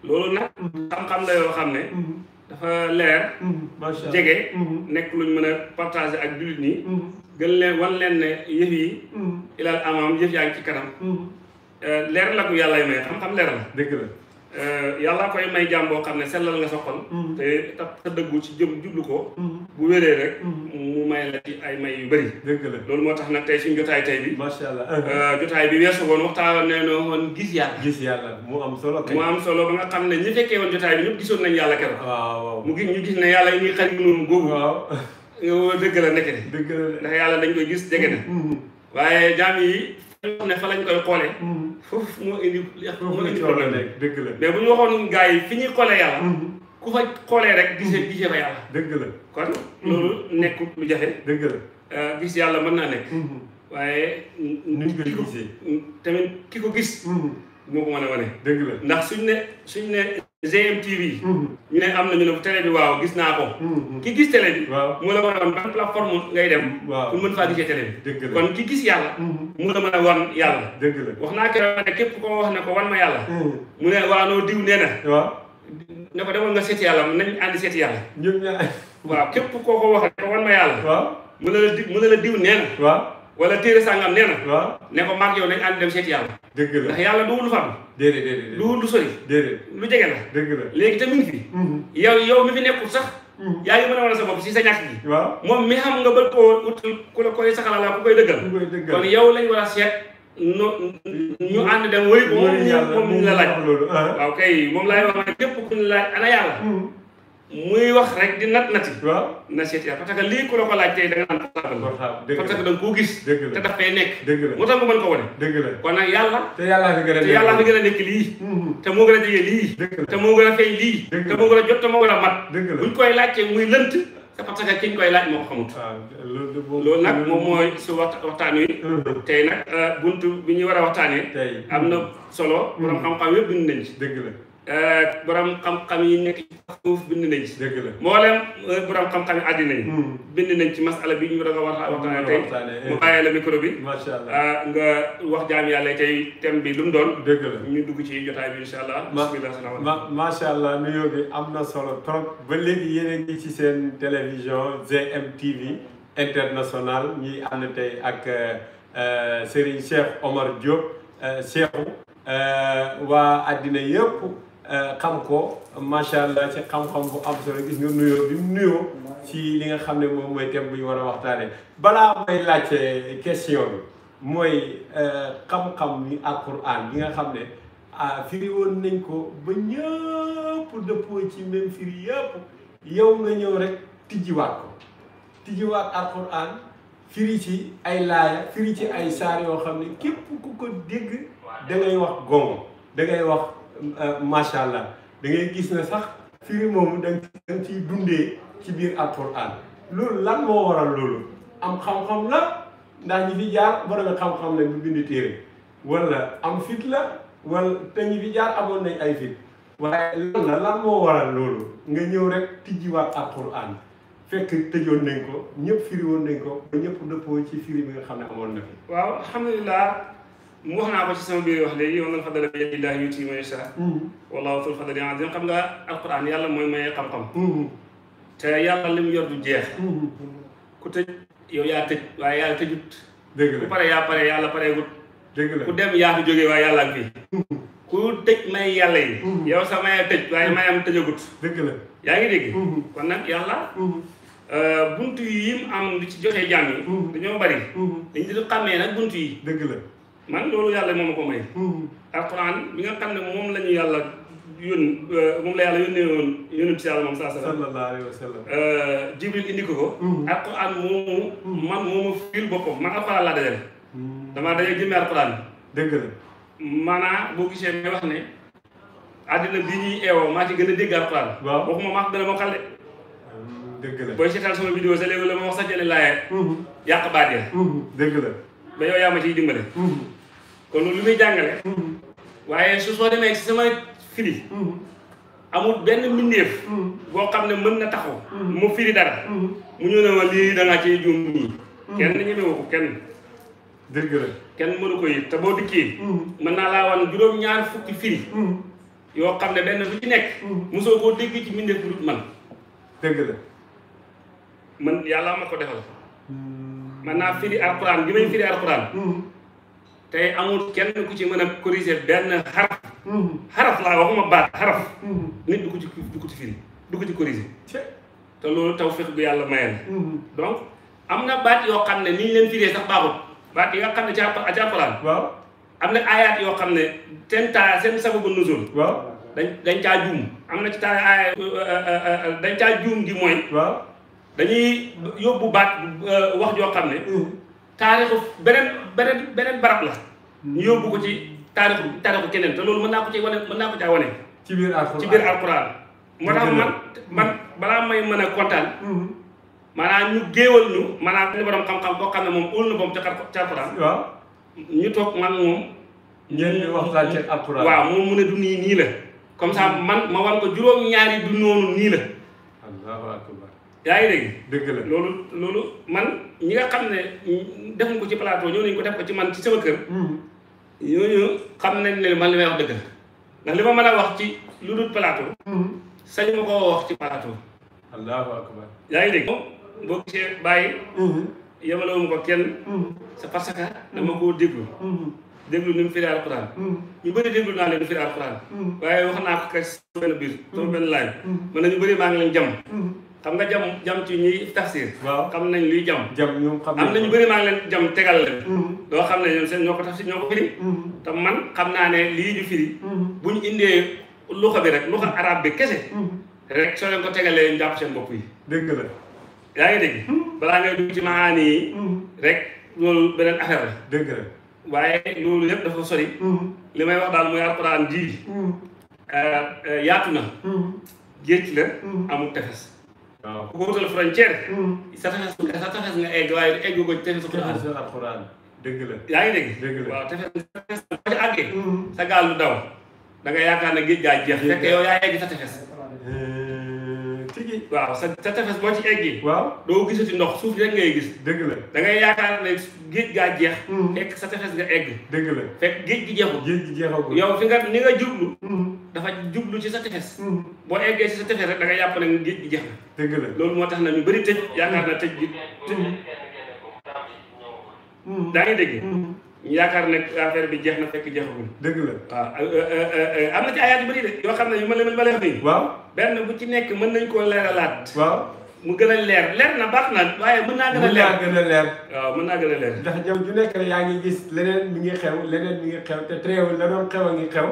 loolu nag xam-xam la yoo xam ne mhm. dafa leer mhm. jege mhm. nekk luñ mën a partager ak jullit ñi gën leen wan leen ne yëf yi ilal amam yëf yaa ngi ci kanam euh, leer la ku yàlla yi may xam-xam leer la dëgg la Euh, yàlla koy may jàmm boo xam ne sellal nga sa xol mm-hmm. te te dëggu ci jublu ko mm-hmm. bu wéree rek mm-hmm. mu may la ci ay may yu bëri dëgg la loolu moo tax nag tey suñu jotaay tey bi macha allah euh, jotaay bi weesu woon waxtaan ne no gis yàlla gis yàlla mu am solo mu am solo ba nga xam ne ñi fekkee woon jotaay bi ñëpp gisoon nañ yàlla keroog waaw mu gis ñu gis ne yàlla yi ñuy xarit noonu googu waaw dëgg la nekk de dëgg ndax yàlla dañ koy gis jege na waaye jaam yi xam ne fa lañ koy xoole hmm. foofu moo indi. moo indi problème rek dëgg la. mais bu ñu waxoon gars yi fi ñuy xoolee yàlla. Hmm. ku fa xoolee rek gisee hmm. gisee fa yàlla. dëgg la kon. loolu nekkul lu jafe. dëgg la euh, gis yàlla mën naa nekk. waaye. nuñ koy gisee tamit ki ko gis. moo ko mën a wane. dëgg la ndax suñ ne suñ ne GMTV. Mm-hmm. ñu ne am na ñu ne télé bi waaw gis naa ko. Mm-hmm. ki gis télé bi. waaw mu la wan ban plateforme ngay dem. waaw pour mën faa gisee télé bi. kon gis yàlla. Mm-hmm. mu la mën a wan yàlla. dëgg la wax naa keroog ne képp koo wax ne ko wan mu ne waaw diw nee na. waaw ko demoon nga seeti yàlla nañ àndi seeti yàlla. ñoom ñaar képp koo ko wax na ko wan ma yàlla. waaw mu ne la diw mu ne la diw nee na. waaw. wala téere sàngam nee na. waaw ne ko maag yow nañ ànd dem seeti yàlla. ndax yàlla du wul lu far. déedéet déedéet du wul lu jege la. léegi te mi fi. Mhm. yow yow mi fi nekkul sax. Mhm. yaa ngi mën a wane sa bopp si sa ñàkk gi. waaw moom mi xam nga bëgg koo utul ku koy saxalala ku koy dëggal. ku kon yow lañ war a seet. no ñu ànd dem wéy. moom moom ñu la laaj. Uh-huh. waaw moom laay wax képp ku laaj ana yàlla. Mhm. muy wax rek di nat nati. na seeti parce que lii ku la ko laaj tey da nga naan portable. parce que da koo gis. te daf nekk. la moo tax nga mën ko wane. kon nag yàlla. te yàlla fi gën a te lii. Mm-hmm. te moo gën a jege lii. te moo gën a fay lii. te moo gën a jot te moo gën a mat. dëgg la buñ koy muy lënt. c'est parce que kiñ koy laaj moo xamut. Ah, loolu nag moom mooy su waxtaan mm-hmm. tey nag euh, buntu bi ñuy war a waxtaanee. am na solo. Mm-hmm. borom xam-xam yëpp bind nañ ci. dëgg la Eh, borom xam-xam yi nekk ci suuf bind nañ ci. dëgg la mboolem eh, borom xam-xam yi àddina yi. Hmm. bind nañ ci masala bi ñu doon ko war a macha allah eh, wax jaam yàlla tey thème bi lu mu doon. dëgg la dugg ci jotaay bi incha allah. ma macha allah nuyoo bi am na solo trop. ba léegi yéen a ngi ci seen télévision GMTV international ñuy ànd tey ak Serigne Cheikh Omar Diop Cheikhou waa àddina yëpp. Euh, xam ko macha allah ci xam-xam bu am solo gis nga nuyoo bi mu nuyoo ci li nga xam ne moom mooy thème bu ñu war a waxtaanee balaa may laajte question bi mooy euh, xam-xam ni alquran bi nga xam ne ah firi woon nañ ko ba ñëpp dëppoo ci même firi yëpp yow nga ñëw rek tijjiwaat ko tijjiwaat alquran firi ci ay laaya firi ci ay saar yoo xam ne képp ku ko dégg da wax gongo dangay wax. Euh, macha allah da ngay gis ne sax firi moomu da nga ciy dundee ci biir alquran loolu lan moo waral loolu am xam-xam la ndax ñi fi jaar borom xam-xam la bu bind téere am fit la wala te ñi jaar amoon nañ ay fit waaye lan la lan moo waral loolu nga ñëw rek tijjiwaat alquran fekk tëjoon nañ ko ñëpp firi woon nañ ko ba ñëpp dëppoo ci firi bi nga xam ne amoon na fi. waaw alhamdulilah. mu wax naa ko ci sama biir wax léegi yow man fadala bi yadillaahi yu'tiihi man yashaa mm-hmm. wallaahu zul fadli aziim xam nga alquran yàlla mooy maye xam-xam mm-hmm. te yàlla li mu yor du jeex mm-hmm. ku tëj yow yaa tëj waaye yàlla tëjut dëgg la ku pare yaa pare yàlla pareegut dëgg la ku dem yaa fi jógee waaye yàlla ak fii ku tëj may yàlla yi yow sa maya tëj waaye mayam tëjagut dëgg la yaa ngi dégg kon nag yàlla euh, buntu yi yim am di ci joxee jàmm yi dañoo bari dañ di xàmmee nag dëgg man loolu yàlla moom ma ko may mm-hmm. alquran bi nga xam ne moom la ñu yàlla yón euh, moom la yàlla yónnee woon yónent si yàlla moom saa salaam sallallahu alayhi wa sallam euh, jibril indi ko ko mm-hmm. alquran moomu mm-hmm. man moomu fiil boppam man alquran laa dajale damaa dajee jëmee alquran dëgg la maanaa boo gisee may wax ne àddina bi ñuy eewoo maa ci gën a dégg alquran waaw waxuma maa gën a mokkal de dëgg la booy seetaan sama vidéo sa léegi la ma wax sa jële laayee yàq baat ya dëgg la ba yow yaa ma ciy dimbale kon lu muy jàngale. waaye su soo demee ci sama firi. amul benn mbindeef. boo xam ne mën na taxaw. mu firi dara. mu ñëw ne ma lii da ngaa cee juum nii. kenn ñemewu ko kenn. dëgg kenn mënu ko yëg te boo dikkee. mën naa laa wan juróom-ñaar fukki firi. yoo xam ne benn bu ci nekk. mosoo koo dégg ci mbindeef bu dul man. dëgg man yàlla ma ko defal. man naa firi alquran gi may firi alquran. tey amul kenn ku ci mën a corriger benn xaraf. Mhm. xaraf laa waxuma baat xaraf. Mhm. nit du ko ci du ko ci firi du ko ci corriger. te loolu taw fex bu yàlla mayal. Mhm. donc am na baat yoo xam ne ni ñu leen firee sax baaxut baat yi xam ne ca à jàppalaan. waaw am na ayaat yoo xam ne seen taa seen sababu nuzul. waaw dañ dañ caa juum am na ci taa aaya dañ caa juum gi mooy. waaw dañuy yóbbu baat euh, wax yoo xam ne. taarixu beneen beneen beneen barab la ñu yóbbu ko ci taarixu taarixu keneen te loolu mën naa ko ci wane mën naa ko caa wane ci biir alxuraan ci biir alxuraan moo tax man man balaa may mën a kontaan mm-hmm. maanaam ñu géewal ñu maanaam ni borom xam-xam boo xam ne moom óol na boom ca ci alxuraan ñu toog man moom ñeen ñu waxtaan ci alxuraan waaw moom mu ne du nii nii la comme ça mm-hmm. man ma wan ko juróom-ñaari du noonu nii la allahu akbar yaa ngi dégg loolu loolu man ñi nga xam ne defuñ ko ci plateau ñëw nañ ko def ko ci man ci sama kër. Hmm. ñooñu xam nañ ne man li may wax dëgg la ndax li ma mën a wax ci lu dul plateau. Hmm. sañ ma koo wax ci plateau. allahu akbar yaa ngi dégg. boo gisee bàyyi. Hmm. yemalewuma ko kenn. c'est parce que dama koo déglu. déglu ni mu firi alquran. ñu bëri déglu naa leen ni mu firi alquran. waaye wax naa ko kay sama biir. sama benn man na ñu bëri maa ngi leen jam. xam nga jam jam ci ñuy tafsir waaw xam nañ luy jam jam ñoom xam am nañu bëri maa leen jam tegal leen mhm. loo xam ne ñoom seen ñoo ko tafsir ñoo ko firi mhm. te man xam naa ne lii ñu firi mhm. bu ñu indee luxa bi rek luxa arab bi kese rek soo leen ko tegalee ñu seen bopp yi dëgg la yaa ngi dégg balaa ngay dugg ci maani rek loolu beneen affaire la dëgg la waaye loolu yëpp dafa sori li may wax daal mooy alquran ji euh, euh, yaatu na géej la amul tefes waaw ku ko wutal frontière. sa tefes nga sa tefes nga egg waaye egg ko tefes alxuraan dëgg la nga géej gaa jeex. fekk yow yaa egg sa tefes. Eh, tigi waaw sa sa ndox suuf dëgg la da ngay yaakaar ne géej gaa jeex. Hmm. fekk sa tefes nga egg. dëgg la gi jeexul. yow fi nga ni nga jublu. Hmm. dafa jublu ci sa tefes mm. boo eggee ci sa tefes rek da nga yàpp ne géej jeex dëgg la loolu moo tax na ñu bëri tëj yaakaar na tëj gi tëj daa mm. ngi dégg mm. yaakaar ne affaire bi jeex na fekk jeexagul dëgg la waaw euh, euh, euh, am na ci ayaat yu bëri de yoo xam ne yu ma leen ma leen nii waaw benn bu ci nekk mën nañ koo leeralaat waaw mu gën a leer leer na baax na waaye mën naa gën a leer a leer waaw mën naa gën a ndax jam ju nekk yaa ngi gis leneen mu ngi xew leneen mi ngi xew te teewul la doon xew a ngi xew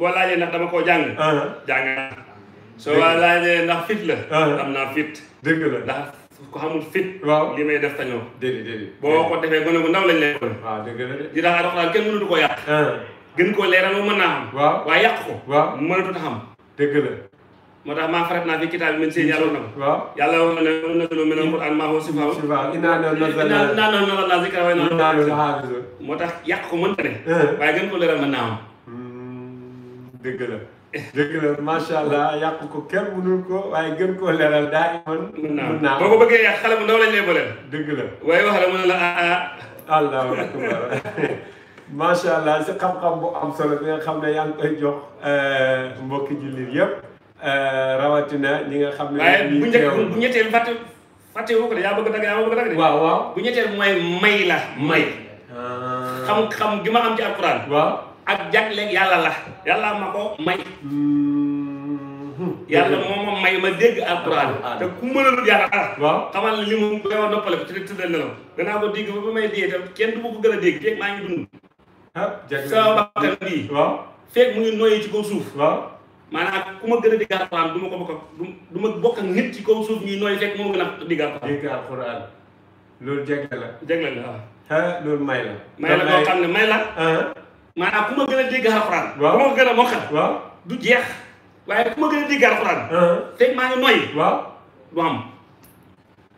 mais a leer dama koo jàng uh-huh. jàng soo laajee ndax fit la uh-huh. am naa fit dëgg la ndax ko xamul fit waaw gi may def tañoo déedéet déedéet boo ko defee gone bu ndaw lañ leen waaw dëgg la de di daal alxuraan kenn mënatu ko yàq uh-huh. gën koo leeral mu mën naa xam waaw waaye yàq ko waaw mënatu ta xam dëgg la moo tax maa farat naa fi kitaab min seen yàlla na ko waaw yàlla wax ne wa nazzalna mina al-qur'aan maa huwa shifaa'un innaa nahnu nazzalnaa zikra wa innaa lahu laafizuun moo tax yàq ko mënta ne eh. waaye gën ko leeral mën naa am hmm, dëgg la dëgg la macha allah yàq ko kenn mënul ko waaye gën koo leeral daa iman mën naa boo ko bëggee yàq xale bu ndaw lañ lay booleel dëgg la waaye wax la mu ne la aa ah, ah. allahu akbar macha allah si xam-xam bu am solo bi nga xam ne yaa ngi koy jox eh, mbokki jullit yëpp Euh, rawatina ñi nga xam ne. waaye bu njëkk bu ñetteel fàtte fàtte woo ko de yaa bëgg a dagg yaa bëgg a dagg de. waaw waaw bu ñetteel mooy may la may. Ah. xam-xam gi ma xam ci alquran. waaw ak jagleeg yàlla la yàlla ma ko may. Mm-hmm. yàlla moo ma may ma dégg alquran. te ku mënalul yàlla ah. waaw xamal li mu koy noppale ko ci tëddal nelaw. danaa ko dégg ba may dee tam kenn du ma ko gën a dégg. feeg maa ngi dund. ah mu ngi noyyi ci kaw suuf. waaw. maanaam ku ma gën a digg alxuraan du ma ko bokk ak du ma bokk nit ci kaw suuf ñuy nooy fekk moo gën a digg alxuraan. loolu jagle la. jagle la ma a dégg alxuraan. ma gën a mokkal. waaw du a dégg alxuraan. fekk maa ngi noyyi. waaw du am.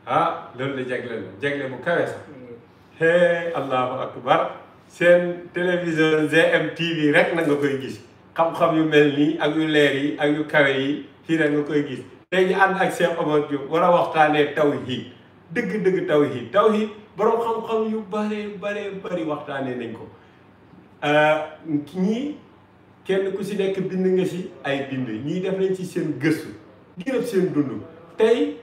ah loolu de jagle la jagle bu kawe sax. hee allahu akbar seen télévision GMTV rek na nga koy gis. xam-xam yu mel nii ak yu leer yi ak yu kawe yi fii rek nga koy gis tey ñu ànd ak Cheikh Omar Diop war a waxtaanee tawhid dëgg-dëgg tawhid tawhid borom xam-xam yu bare bare bari waxtaanee nañ ko euh, ñii kenn ku si nekk bind nga si ay bind ñii def nañ ci seen gëstu ngir seen dund tey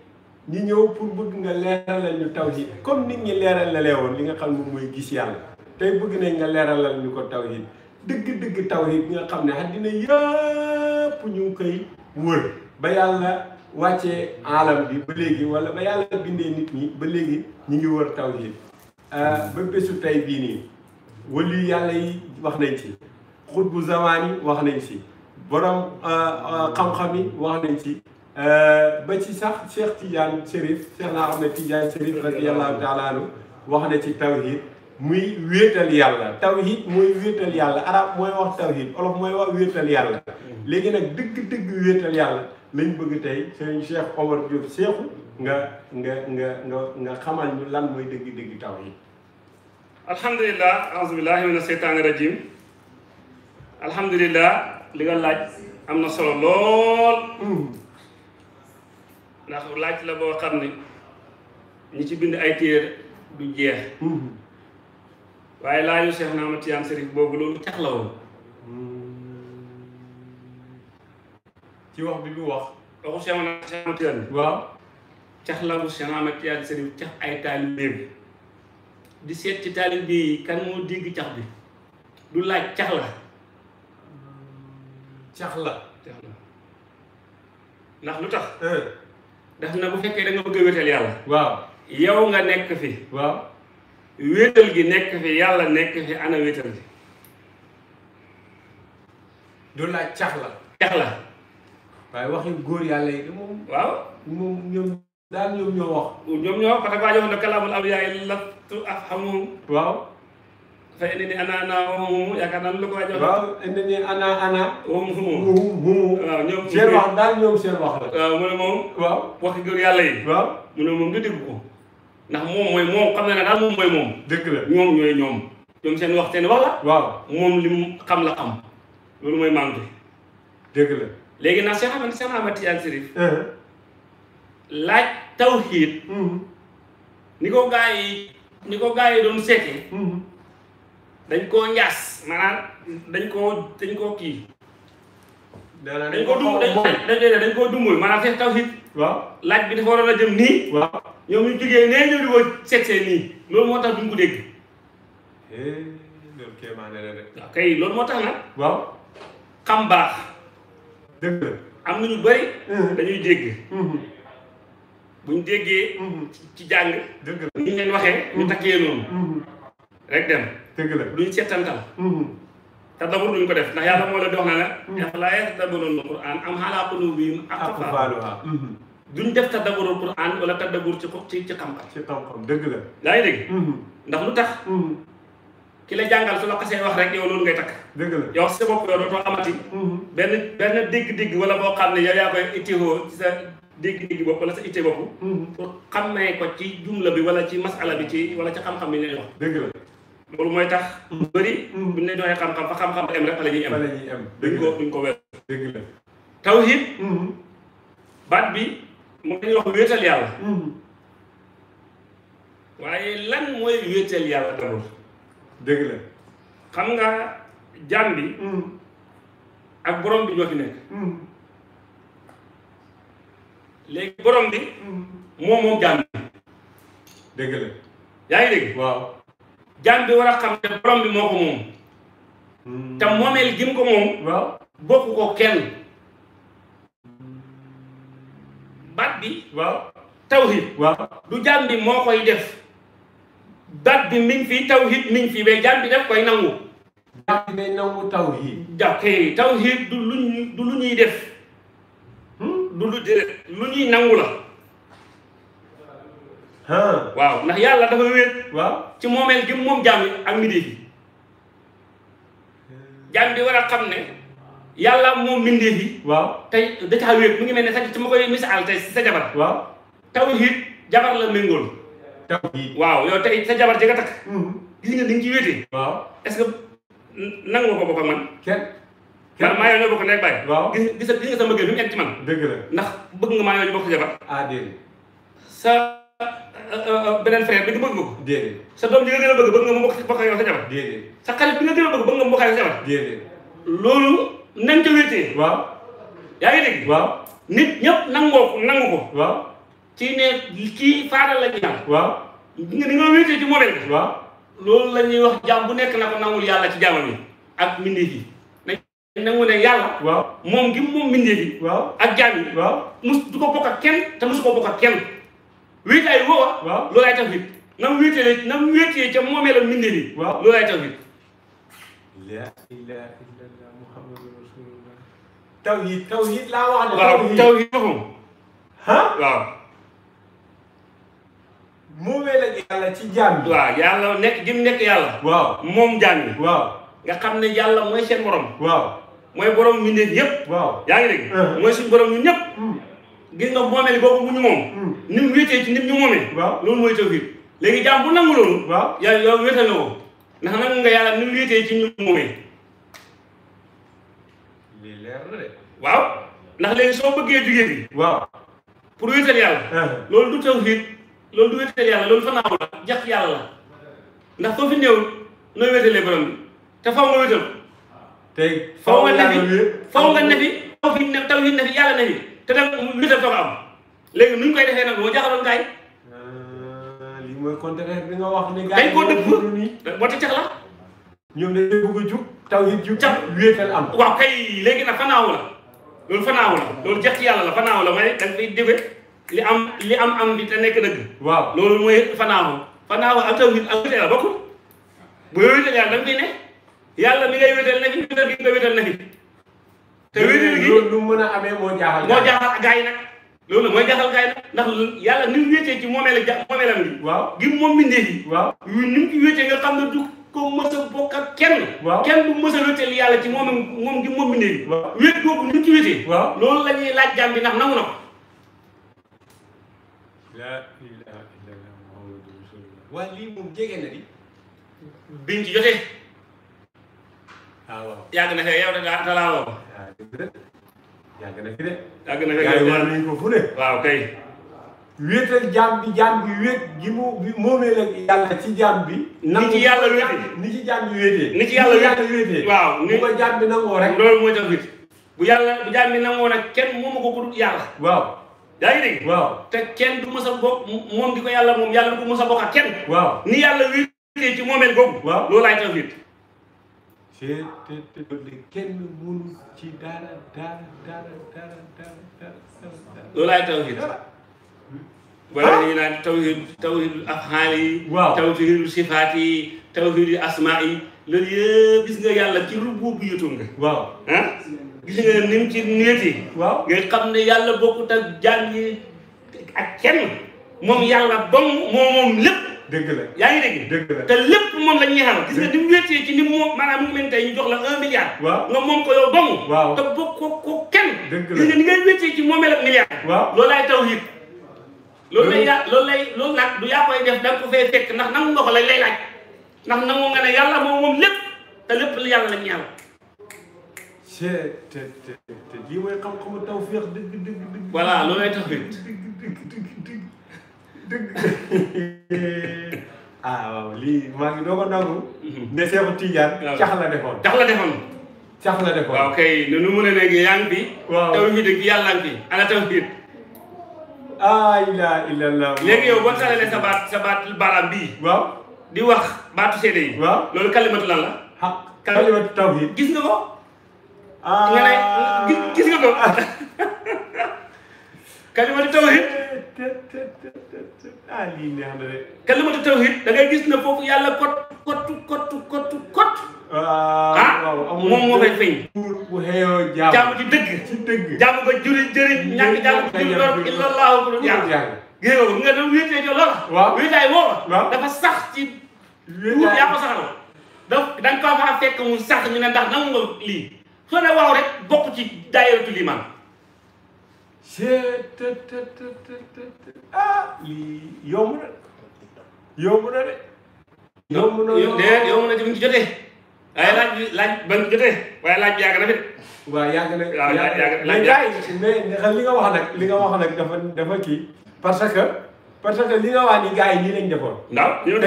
ñi ñëw pour bëgg nga leeralal ñu tawhid comme nit ñi leeralalee woon li nga xam ne mooy gis yàlla tey bëgg nañ nga leeralal ñu ko tawhid dëgg-dëgg tawhid bi nga xam ne àddina yëpp ñu ngi koy wër ba yàlla wàccee alam bi ba léegi wala ba yàlla bindee nit ñi ba léegi ñu ngi wër tawhid ah, ba bésu tey bii nii wali yàlla yi wax nañ ci xutbu zamaan yi wax nañ ci borom ah, ah, xam-xam wax nañ ci ba ci sax Cheikh Tidiane Chérif Cheikh naa xam ne Tidiane Chérif radiyallahu taala anhu wax na ci tawhid muy wéetal yàlla tawhid mooy wéetal yàlla arab mooy wax tawhid olof mooy wax wéetal yàlla léegi nag dëgg-dëgg wéetal yàlla lañ bëgg tey sëñ Cheikh Omar Diop Cheikhou nga nga nga nga nga xamal ñu lan mooy dëgg-dëgg tawhid alhamdulilah aousubillahi mina seytaani rajim alhamdulilah li nga laaj am na solo lool hmm. ndax laaj la boo xam ne ñi ci bind ay téer du jeex hmm. waaye laa Cheikh Naama Tiyaan Serif boobu loolu cax la woon ci wax bi mu wax waxu Cheikh Naama Tiyaan waaw cax la bu Cheikh Naama Tiyaan Serif cax ay taalibeem di seet ci taalibe yi kan moo dégg cax bi du laaj cax la cax la cax la ndax lu tax eh. daf na bu fekkee da bëgg a wéetal yàlla waaw yow nga nekk fi waaw wéetal gi nekk fi yàlla nekk fi ana wéetal gi du laaj cax la cax la waaye waxi góor yàlla yi moom moom wax waaw fa indi ni ana waaw ñoom seen wax daal ñoom seen wax la waaw mu ne moom waaw waxi góor yàlla yi waaw mu ne moom nga dégg ko ndax moom mooy moom xam na ne daal moom mooy moom. dëgg la ñoom ñooy ñoom. seen wax seen wax waaw moom li mu xam la am. loolu mooy maam bi. la léegi nag Cheikh Ahmed Cheikh Ahmed Tidiane Chérif. laaj ni ko gaa yi ni ko gaa doon seetee. dañ koo njaas maanaam dañ dañ koo kii. dañ dañ koo dumbul maanaam seen bi dafa waroon a jëm nii. waaw. yow mi jigéen nee ñëw di ko seetsee nii loolu moo tax duñ ko dégg. Ah, kay loolu moo tax nag. waaw baax. dëgg la am na ñu bëri. dañuy dégg. buñ déggee. ci jàng. dëgg la leen waxee. ñu takkee noonu. rek dem. dëgg la duñ seetantal. te dabur duñ ko def ndax yàlla moo la dox na la. yàlla laa yàlla dabaroon na Qur'an am xalaa quluubihim aqfaaluhaa duñ def tadabburul Qur'an wala tadabbur ci xam-xam. dëgg la. yaa ngi dégg. Mhm. ndax lu tax. Mhm. ki la jàngal su la xasee wax rek yow loolu ngay takk. dëgg la sa bopp yow dootoo xamati. Mhm. benn benn dégg-dégg wala boo xam ne yow yaa koy itteewoo ci sa dégg-dégg bopp wala sa ittee bopp. pour xamee ko ci jumla bi wala ci masala bi ci wala ci xam-xam bi ñu lay wax. dëgg la. loolu mooy tax. bu bëri bu ne la joxee xam-xam fa xam-xam ba em rek fa em. dëgg ko duñ ko wér. dëgg la tawhid. baat mooy li wax wéetal yàlla. Mm-hmm. waaye lan mooy wéetal yàlla d'abord. dëgg la. xam nga jaam bi. Mm-hmm. ak borom bi ñoo fi nekk. Mm-hmm. léegi borom bi. moom moom jaam dëgg la. yaa ngi waaw jaam war a xam ne borom bi moo ko moom. te moomeel gi mu ko moom. waaw bokk ko kenn. baat bi waaw tawhid waaw du jaam bi moo koy def baat bi mi ngi fii tawhid mi ngi fii mais jaam bi koy nangu jaam bi nangu tawhid ok tawhid du lu ñuy def hmm? du lu lu ñuy nangu la waaw ndax yàlla dafa wéet waaw ci moomeel gi moom jaam bi ak midi bi jaam bi war a xam ne yàlla moom mbindeef yi waaw tey da caa wéet mu ngi mel ne sax ci ma koy misaal tey si sa jabar waaw tawhid jabar la méngool tawhid waaw yow tey sa jabar ji nga takk mhm. gis nga ni nga ci wéetee waaw est-ce que nangu nga ko bokk ak man kenn man maa yoo ñoo bokk nekk bàyyi waaw gis sa mbëggeel bi mu egg ci man dëgg ndax bëgg nga maa yoo ñu bokk jabar ah, déedéet sa euh, euh, euh, beneen frère bi nga sa doom gën a bëgg bëgg nga mu bokk yow sa jabar déedéet sa xarit bi nga gën a bëgg bëgg nga mu bokk yow sa jabar déedéet loolu nañ ko wéetee. waaw yaa ngi dégg. waaw nit ñëpp nangoo ko nangu ko. waaw ci ne kii faara la waaw nga ni nga wéetee ci modèle bi. waaw loolu la ñuy wax jaam bu nekk na ko nangul yàlla ci jaamam yi ak mbindeef yi. nangu ne yàlla. mu wéetee na mu wéetee ca moomee la mbindee bi. waaw loolu ay tax taw tawhid laa wax ne. waaw tawhid moom. ah waaw. moomee la yàlla ci jaam bi. waaw yàlla nekk gi nekk yàlla. waaw moom jaam bi. waaw nga xam ne yàlla mooy seen moroom waaw mooy borom mbindeef yëpp. waaw yaa ngi dégg. Uh-huh. mooy suñu borom ñun ñëpp. Mm. gis nga moomeel boobu mu ñu moom. Mm. ni mu ci ni ñu moomee. waaw loolu mooy tawhid léegi jaam bu nangu loolu. waaw yow yow wéetal na nga yàlla ni mu ci ni mu moomee. waaw ndax léegi soo bëggee jugee bi waaw pour wéetal yàlla ah. loolu du tawhiid loolu du wéetal yàlla loolu fanaaw la jax yàlla la ndax soo fi néew nooy wéetalee borom bi te faw nga wéetal tey faw nga nefi faw nga nefi taw fi ne taw fi nefi yàlla nefi te dem wéetal soo ko am léegi nu ñu koy defee nag moo jaxaloon gaay yi euh, lii mooy contraire bi nga koo dëpp moo tax la ñoom dañuy bëgg a jug tawhid jug ca wéetal am waaw kay léegi nag fanaaw la loolu fanaaw la loolu jeex ci yàlla la fanaaw la mooy da nga am li am am bi nekk dëgg waaw loolu mooy fanaaw fanaaw ak tawhid ak wéetal bokkul bu wéetal yàlla ne yàlla mi ngay wéetal na fi wéetal nga wéetal na fi te wéetal gi loolu lu mën a amee moo jaaxal moo jaaxal gars yi nag loolu mooy jaaxal gars yi nag ndax yàlla ni mu wéetee ci moomeel moomeelam gi waaw gi moom bindee yi waaw ni mu ci nga xam ne dug ko mës a bokk kenn. waaw kenn du mës a wéetal yàlla ci moom moom gi moom bindee. waaw wéet boobu ñu ci wéetee. waaw loolu lañuy laaj jàmm bi ndax nangu na ko. waa lii moom jege na di. biñ ci jotee. Ah, yàgg na fee yow de da laa yàgg na fi de. yàgg na fi de. yàgg na fi de waaw kay. wéetal jaam bi jaam bi wéet gi mu moomee la yàlla ci jaam bi. ni ci yàlla wéetee ni ci jaam bi wéetee. ni ci yàlla wéetee waaw ni ko jaam bi nangoo rek. moo tax bu yàlla bu jaam bi nangoo nag kenn moomu ko ku dul waaw. yaa ngi waaw te kenn du mës a bokk moom di ko yàlla moom yàlla du ko a bokk ak kenn. waaw ni yàlla wéetee ci moomeel boobu. waaw loolaay tax wéet. te te te kenn mënu ci dara dara dara dara dara dara. wala ñu naan tawhid tawhidul afhaal yi. waaw tawhidul sifaat yi tawhidul asmaa yi. loolu yëpp gis nga yàlla ci rububiyyatu nga. waaw ah. gis nga ni mu ci neeti. waaw nga xam ne yàlla bokkut ak jaam yi ak kenn moom yàlla ba mu moom moom lépp. dëgg la yaa ngi dégg. dëgg la te lépp moom la ñuy xam. gis nga di mu wéetee ci ni moom maanaam mu ngi mel tey ñu jox la un milliard. waaw nga moom ko yow dong. waaw te bokkoo ko kenn. dëgg la gis nga ni ngay wéetee ci moomeel ak milliard. waaw loolaay tawhid loolu lay yaa loolu lay loolu nag du yaa koy def da nga ko fay fekk lay laaj nangu nga ne yàlla moom moom lépp te lépp lu yàlla la yàlla. te xam-xamu tawfiix dëgg dëgg dëgg. voilà loolu lay tax dëgg dëgg dëgg dëgg. ah waaw lii maa ngi doog a nangu. Mhm. ne Seexu Tijaan. waaw cax la defoon cax la defoon. cax defoon waaw kay nu mu mën a nekk yaa ngi fi. waaw tawfiix dëgg yàlla ngi fi ala tawfiix. ah ilaa illallah. léegi yow boo xalalee sa baat sa baat baaraam bii. waaw di wax baatu seede yi. waaw loolu kalimatu lan la. ah tawhid gis nga ko. ah nga ne gis nga ko. Ah. kalimatu tawhid. ah lii neex tawhid da ngay gis ne foofu yàlla kot kot kot kot ah, ah moom moo koy feeñ. pour jaamu ci dëgg. ci dëgg jaamu ko juri jëriñ. ñàkk jaamu ci jur loolu illallahu lu yàlla. gis nga nga dem wéetee ci loola. waaw wéetaay woola. dafa sax ci. wéetaay yaa ko saxal. donc da nga sax ñu ne ndax lii. soo ne waaw rek bokk ci daayiratu liman. ah lii na yomb na de. yomb na yomb mu ngi ci jotee. waaye laaj bi laaj ban jotee waaye laaj bi yàgg na fi. waaw yàgg na yàgg na mais gars yi li nga wax nag li nga wax nag dafa kii parce que parce que li nga wax ni gars yi nii lañ defoon. waaw yow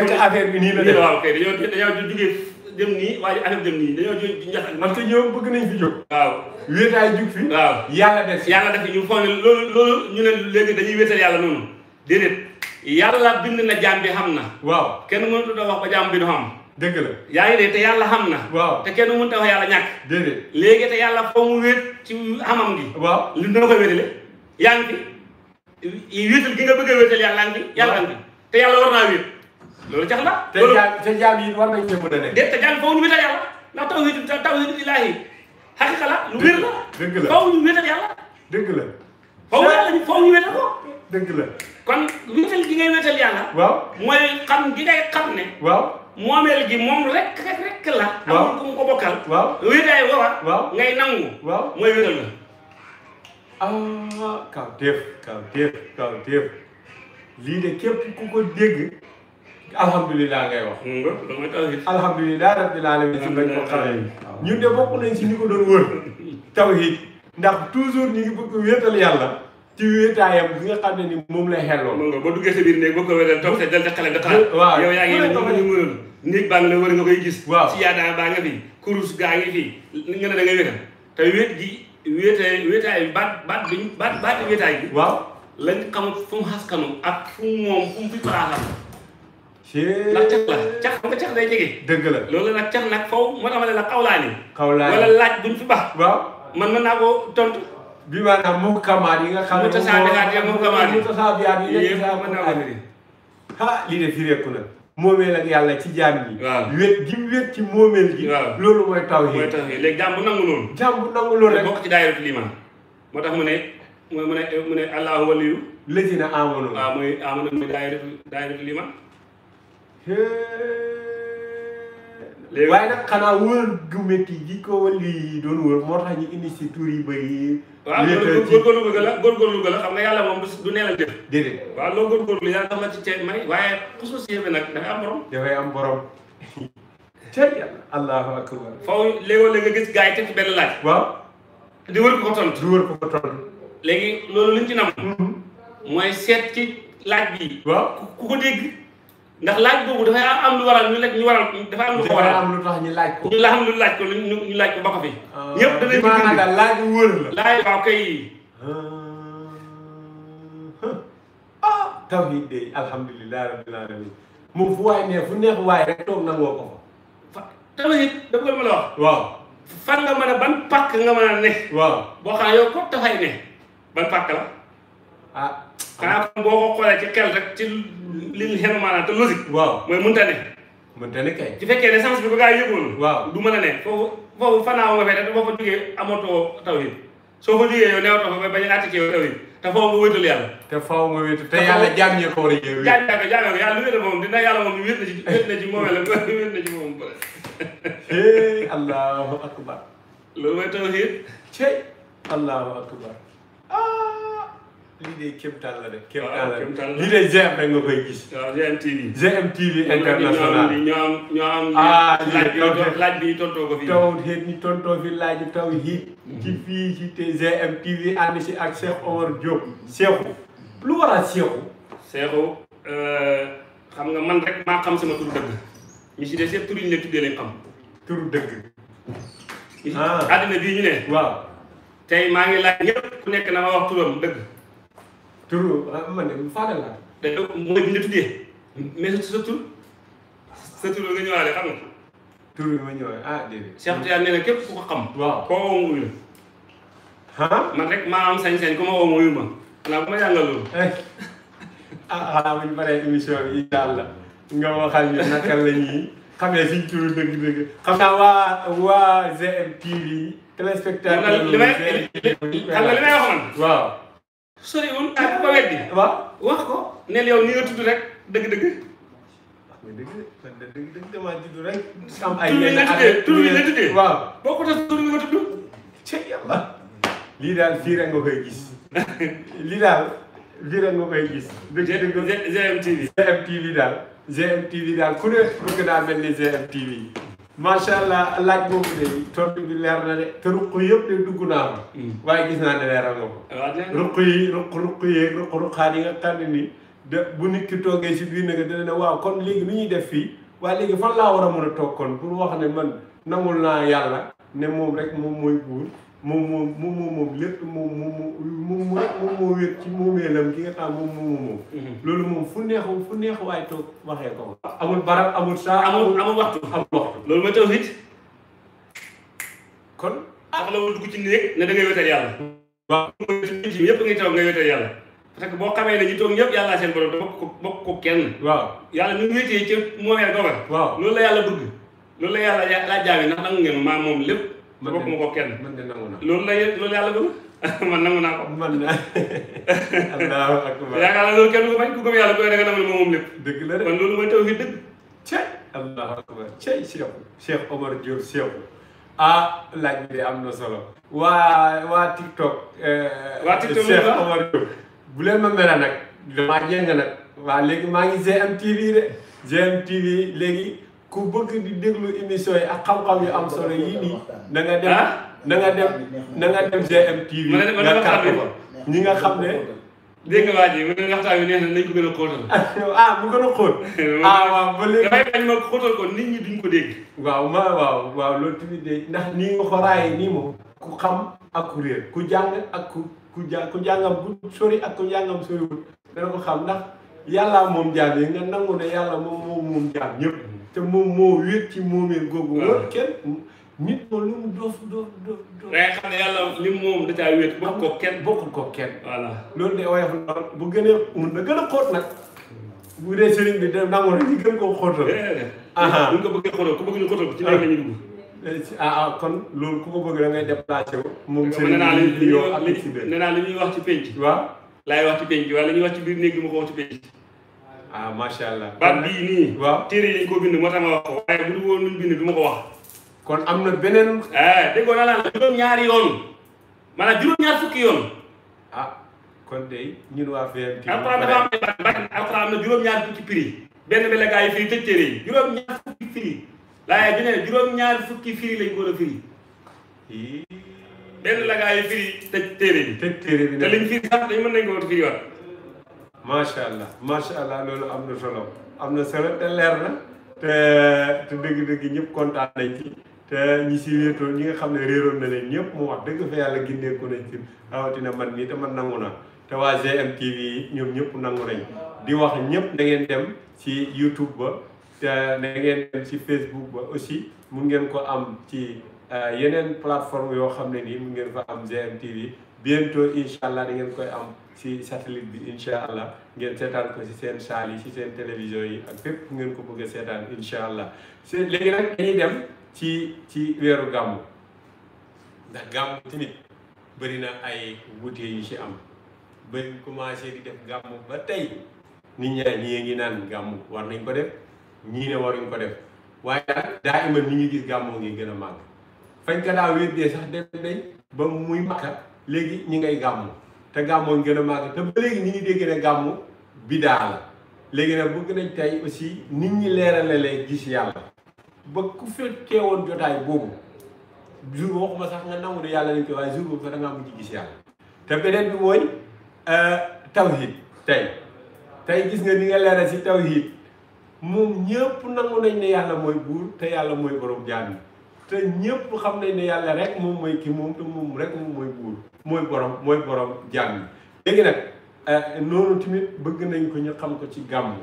bi nii la def waaw kay dañoo dem nii dañoo jugee njax ak. parce que ñoom bëgg nañ fi jóg. waaw wéetaay jug fi. waaw yàlla def yàlla def ñu foog ne loolu loolu ñu ne léegi dañuy wéetal yàlla noonu déedéet yàlla bind na jaam bi xam na. waaw kenn mënut a wax ba jaam bi du xam. dëgg la yaa ngi dee te yàlla xam na. waaw te kenn mënut a wax yàlla ñàkk. déedéet léegi te yàlla foo mu wéet ci xamam gi. waaw lu dina ko wéetale. yaa ngi fi wéetal bëgg a wéetal yàlla ngi fi loolu jax la. loolu te jaam yi war nañ cee mën a nekk. déet te jaam foo mu wéetal yàlla ndax la lu wér la. dëgg la foo mu wéetal yàlla. dëgg la. foo mu yàlla foo mu wéetal ko. dëgg la kon wéetal gi ngay wéetal yàlla. mooy xam gi ngay xam ne. waaw moomeel gi moom rek rek la. waaw amul ku mu ko bokkal. waaw wéetaay booba. waaw ngay nangu. waaw mooy wéetal la. ah kaw teef kaw teef kaw teef lii de képp ku ko dégg. alhamdulilah ngay wax. alhamdulilah rabbil alamin ci bañ ko xamee. ñun de bokk nañ si ñu ko doon wër. tawhid ndax toujours ñu ngi bëgg wéetal yàlla. ci wéetaayam bi nga xam ne ni moom lay xelloon. moom ba duggee sa biir néeg boo ko wéral toog sa dal sa xelam da xalaat. ne ñu baa nga la wër nga koy gis. waaw si yaadaa baa nga fi kurus gaa ngi fi nga ne da ngay wéral te wéet gi wéetaay wéetaay baat baat biñ baat baat wéetaay bi. waaw lañ xamut fu mu xaskanu ak fu mu moom fu mu fi paraasam. ndax cax la cax xam nga cax day jege. dëgg la loolu nag cax nag faw moo tax ma ne la xawlaani. xawlaani wala laaj buñ fi baax. bi maanaam muhkamaat yi nga xam ne mutasaabihaat yi muhkamaat yi mutasaabihaat yi yëpp mën naa ko firi ah lii de fireeku na moomeel ak yàlla ci jaam bi waaw wét gi mu wét ci moomeel gi loolu mooy tawhiid mooy tawhiid léegi jaam bu loolu jaam bu loolu rek bokk ci daayiratul iimaan moo tax mu ne mu ne mu ne allahu waliyu lazina amanu waaw léegi waaye nag xanaa wër gu métti gi ko wëlli yi doon wër moo tax ñu indi si tur yi bëri yi. waaw góorgóorlu ga la góorgóorlu ga la xam nga yàlla moom du neel a def. déedéet waaw loo góorgóorlu a dama ci ceeb may waaye xusu si yëfe nag am borom. dafay am borom. tey yàlla allahu akbar. foofu léegoo-léeg nga gis gaa yi teg ci benn laaj. waaw. di wër ko ko tontu. di wër ko ko léegi loolu liñ ci nam. Mm-hmm. mooy seet ci laaj bi. waaw ku ko dégg. ndax laaj boobu dafay am lu am lu ko waral am ñu laaj ko lu laaj ko ñu laaj ko ba ko fi ah, ñëpp danañ maanaam daal laaj wër laaj waaw kay ah, ah tawhid de alhamdulilah rabbil alamin moom fu waay neex fu neex waay rek toog nangoo ko fa tawhid dafa ko ma la waaw fan nga mën a ban pàkk nga mën ne waaw boo xam ne yow ko ne ban pàkk la ah, xanaa boo ko xoolee ci xel rek ci li ñu xenu maanaam te logique. waaw mooy mënta ne. mënta ne kay. su fekkee ne sens bi ba gaa yëgoon. waaw du mën a ne foofu foofu fanaaw nga fay te boo taw yi soo fa jugee ba bañ a àtte ci te faaw nga wéetal yàlla. te faaw nga wéetal te yàlla jaam ñee ko a yéew. yàlla lu wéetal moom dina yàlla moom wéet na ci wéet na ci moom la wéet na ci moom bële. allahu akbar. loolu mooy tawhid. cey allahu akbar lii de kéemtaan la de. Ah, kéemtaan la de lii de GM rek nga koy gis. waaw ah, GM TV. GM TV international ñoo am ñoo am. ah laaj bi tontoo ko fi. taw xeet ñi tontoo taw yi. ci fii ci te GM TV ànd si ak Cheikh Omar Diop. Cheikhou lu waral Cheikhou. Cheikhou euh, xam nga man rek maa xam sama turu dëgg. ñu si des yëpp tur ñu ne tuddee lañ dëgg. ah bii ñu ne. tey maa ngi laaj ñëpp ku nekk na ma wax turam dëgg. tur man de Fadel laa. mais donc mooy bi ñu la tuddee. mais sa tur sa tur nga ñëwaale xam nga. tur bi ma ñëwaale ah déedéet. Cheikh Tidiane nee na képp ku ko xam. waaw koo woo mu wuyu. man rek maa am sañ-sañ ku ma woo mu wuyu ma. xanaa bu ma jàngal loolu. ah ah bu ñu paree émission bi yàlla nga waxal ñu naka la ñuy xamee suñ turu dëgg-dëgg. xam naa waa waa GM TV téléspectateur. li may xam nga li may wax man. waaw. soriwul ak ba weddi. waaw wax ko ne yow ni nga tudd rek dëgg-dëgg. wax nga dëgg dëgg dëgg damaa tudd rek. am ay yenn at tur bi nga tuddee waaw. boo ko tas tur bi nga tudd. ci yàlla. lii daal fii rek nga koy gis. lii daal fii rek nga koy gis. dëgg dëgg GMTV. GMTV daal. GMTV daal ku ne bëgg naa mel ni GMTV. macha allah laaj boobu de tontu bi leer na de te ruq yëpp de dugg naa ko. Hmm. waaye gis naa ne leeral nga ko. ruq yi ruq ruq yeeg ruq ruqaan yi nga xam nii de bu nit ki toogee si biir nag dina ne waaw kon léegi nu ñuy def fii waaye léegi fan laa war a mën a toog kon pour wax ne man nangul naa yàlla ne moom rek moom mooy buur. moom moom moom moom moom lépp moom moom moom moom moo wéet ci moomeelam gi nga xam moom moom moom. Mhm. loolu moom fu neexu fu neexu waaye toog waxee ko. amul barab amul saa amul amul waxtu amul waxtu. loolu mooy tawhid kon. ah la woon dugg ci néeg ne da ngay wéetal yàlla. waaw ci yëpp ngay taw ngay wéetal yàlla. parce que boo xamee ne ñu toog ñëpp yàlla seen borom te bokk ko bokk ko kenn. waaw yàlla ñu wéetee ci moomeel googa. waaw loolu la yàlla bëgg. loolu la yàlla laaj jaam yi ndax nangu ngeen maa moom lépp. man de bokkuma ko kenn. man de nangu naa loolu la loolu yàlla gëm man nangu naa ko. man de allahu akbar. yaakaar naa loolu kenn ku bañ ku gëm yàlla koy da nga nangu ne moom lépp. dëgg la de kon loolu mooy tawhiid dëgg. cey allahu akbar cey Cheikh Cheikh Omar Diop Cheikh ah laaj bi de am na solo. waa waa TikTok. Eh, waa TikTok Cheikh Omar Diop. bu leen ma mel nag. damaa jëng nag. waa léegi maa ngi GMTV de. GMTV léegi. ku bëgg di déglu émission yi ak xam-xam yu am solo yii nii na nga dem ah? na nga dem na nga dem GMTV nga nga xam ne dégg nga waa ji mu ne waxtaan bi na nañ a xóotal ah, ah waaw ba léegi damay bañ ma xóotal ko nit ñi duñ ko dégg waaw ma waaw waaw loolu tamit de ndax nii nga ko nii moom ku xam ak ku réer ku jàng ak ku ku jàng ku jàngam bu sori ak ku jàngam soriwul dana ko xam ndax yàlla moom jaam yi nga nangu ne yàlla moom moom moom jaam ñëpp te moom moo wéet ci moomeel googu. waaw loolu kenn nit moom lu mu doof doof doof. day xam ne yàlla li moom da caa wéet bokk ko kenn bokkul ko kenn. voilà loolu day woyof lool bu gënee mun na gën a xóot nag. bu dee sëriñ bi dem nangu na ñu gën koo xóotal. ah bu ñu ko bëggee xóotal ku bëgg ñu xóotal ci léegi la ñuy dugg. Eh, ah, ah kon loolu ku ko bëgg da ngay déplacé wu. moom sëriñ bi li ñuy wax li ñuy wax ci penc. waaw laay wax ci penc waaye li ñuy wax ci biir néeg bi ma ko wax ci penc. ah macha allah baat bii nii. waaw téere yi dañ koo bind moo tax wax ko waaye bu dul woon luñ bind du ma ko wax. kon am na beneen. a eh, naa la juróom-ñaari yoon maanaam juróom-ñaar fukki yoon. ah kon de ñun waa VMT. alxuraan dafa am na juróom-ñaar fukki firi. benn bi la gaa yi firi tëj téere yi juróom-ñaar fukki firi laay bi ne juróom-ñaar fukki firi ko war firi. benn la gaa yi firi tëj téere bi. tëj téere bi te liñ firi sax dañ mën nañ ko war a firi waat. macha allah macha allah loolu am na solo am na solo te leer na te te ñëpp kontaan nañ ci te ñi si wéetoon ñi nga xam ne réeroon na leen ñëpp mu wax dëgg fa yàlla gindeeku nañ ci rawatina man nii te man nangu na te waa GMTV yi ñoom ñëpp nangu nañ di wax ñëpp da ngeen dem ci YouTube ba te da ngeen dem ci Facebook ba aussi mun ngeen ko am ci euh, yeneen plateforme yoo xam ne nii mu ngeen fa am GMTV bientôt incha allah da ngeen koy am. ci satellite bi incha allah ngeen seetaan ko si seen saal yi si seen télévision yi ak fépp ngeen ko bëgg a seetaan incha allah seen léegi nag dañuy dem ci ci weeru gàmmu ndax gàmmu tamit bëri na ay wuute yu si am bëri commencé di def gàmmu ba tey nit ñaa ñii ngi naan gàmmu war nañ ko def ñii ne waruñ ko def waaye daa iman ñi ngi gis gàmmu ngi gën a màgg fañ ko daa wér dee sax dem nañ ba muy makka léegi ñi ngay gàmmu te gàmmoo gën a màgg te ba léegi ñu ngi dégg ne gàmmu bidaa la léegi nag bëgg nañ tey aussi nit ñi leerale lay gis yàlla ba ku fekkee woon jotaay boobu jour waxuma sax nga nangu ne yàlla lañ ko waaye jour boobu sax da mujj gis yàlla te beneen bi mooy euh, tawhid tey tey gis nga ni nga leeral si tawhid moom ñëpp nangu nañ ne yàlla mooy buur te yàlla mooy borom jaam te ñëpp xam nañ ne yàlla rek moom mooy kii moom te moom rek moom mooy buur mooy borom mooy borom jaam yi léegi nag eh, noonu tamit bëgg nañ ko ñu xam ko ci gàmm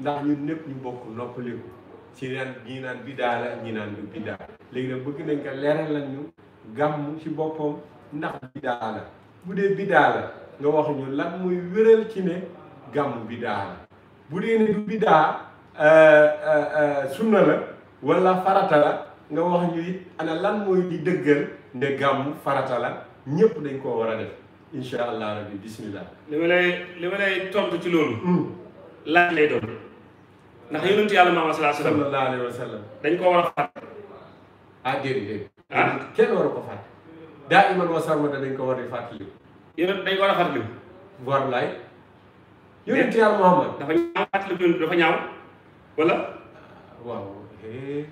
ndax ñun ñëpp ñu bokk noppaliku ci naan ñii naan biddaa naan du léegi nag bëgg nañ ko leeralal ñu gàmm ci boppam ndax biddaa la bu dee bi la nga wax ñu lan muy wéral ci ne gàmm bi la bu dee ne du biddaa eh, eh, sunna la wala farata la nga wax ñu it ana lan mooy di dëggal ne gàmm farata la ñëpp dañ koo war a def incha allah rabbi bismillah li ma tontu ci loolu hmm. laaj lay doon ndax yonentu yàlla maama sallallahu alayhi wa dañ koo war a fàtte ah déedéet ah kenn war a ko fàtte daa iman wa sarmata dañ ko war di fàttali yonent dañ war a fàttali war laay yonentu yàlla Muhammad dafa ñaaw fàttali yonent dafa ñaaw wala ah, waaw eh,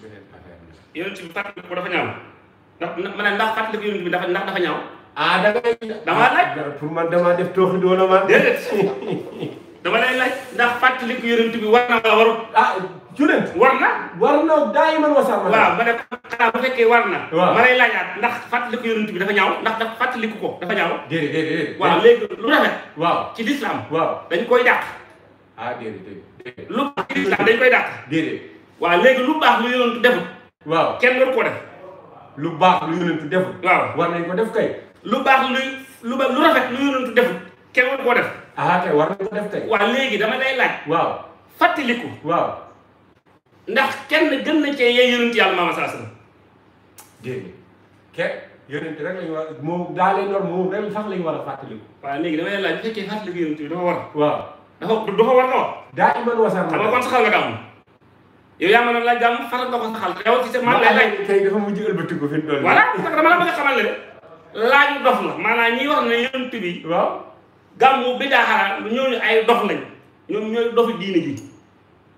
beneen affaire yonent bi fàttali ko dafa ñaaw ndax ma ne ndax fàttali ko yonent bi dafa ndax dafa ñaaw. Ah, da ngay. damaa laaj ah, pour ma. déedéet dama lay laaj ndax fàttali ko yonent bi na wala ah, na. war na daa yi mën wasaar ma. bu fekkee war na. waaw ma lay laajaat ndax fàttali ko yonent bi dafa ñaaw ndax dafa fàttali ko ko dafa ñaaw. déedéet déedéet. waaw léegi lu rafet. waaw ci lislaam. dañ koy dàq. ah déedéet déedéet. baax dañ koy dàq. déedéet. waaw léegi lu baax lu yonent waaw kenn waru koo de lu baax lu yonentu deful. waaw war nañ ko def kay. lu baax luy lu ba lu rafet lu yonentu deful kenn war koo def. Ah, war nañ ko def kay. waaw léegi dama lay laaj. waaw fàttaliku. waaw. ndax kenn gën na cee yee yonentu yàlla maama saasam. dégg nga ke yonentu rek lañu war a moom daa lay lor moom rek sax lañu war a fàttaliku. waaw léegi dama lay laaj bu fekkee fàttaliku yonentu bi dafa war. waaw dafa dafa war na wax. daa iman wasaar na kon saxal nga yow yaa mën a laaj jàmm faral nga ko saxal yow ci sa man lay laaj tey dafa mujj ëlbati ko fi mu doon voilà la bëgg a xamal ne laaju dof la maanaam ñi wax ne yonent bi waaw gàmmu bi daaxara ñooñu ay dof lañ ñoom ñooy dofi diine ji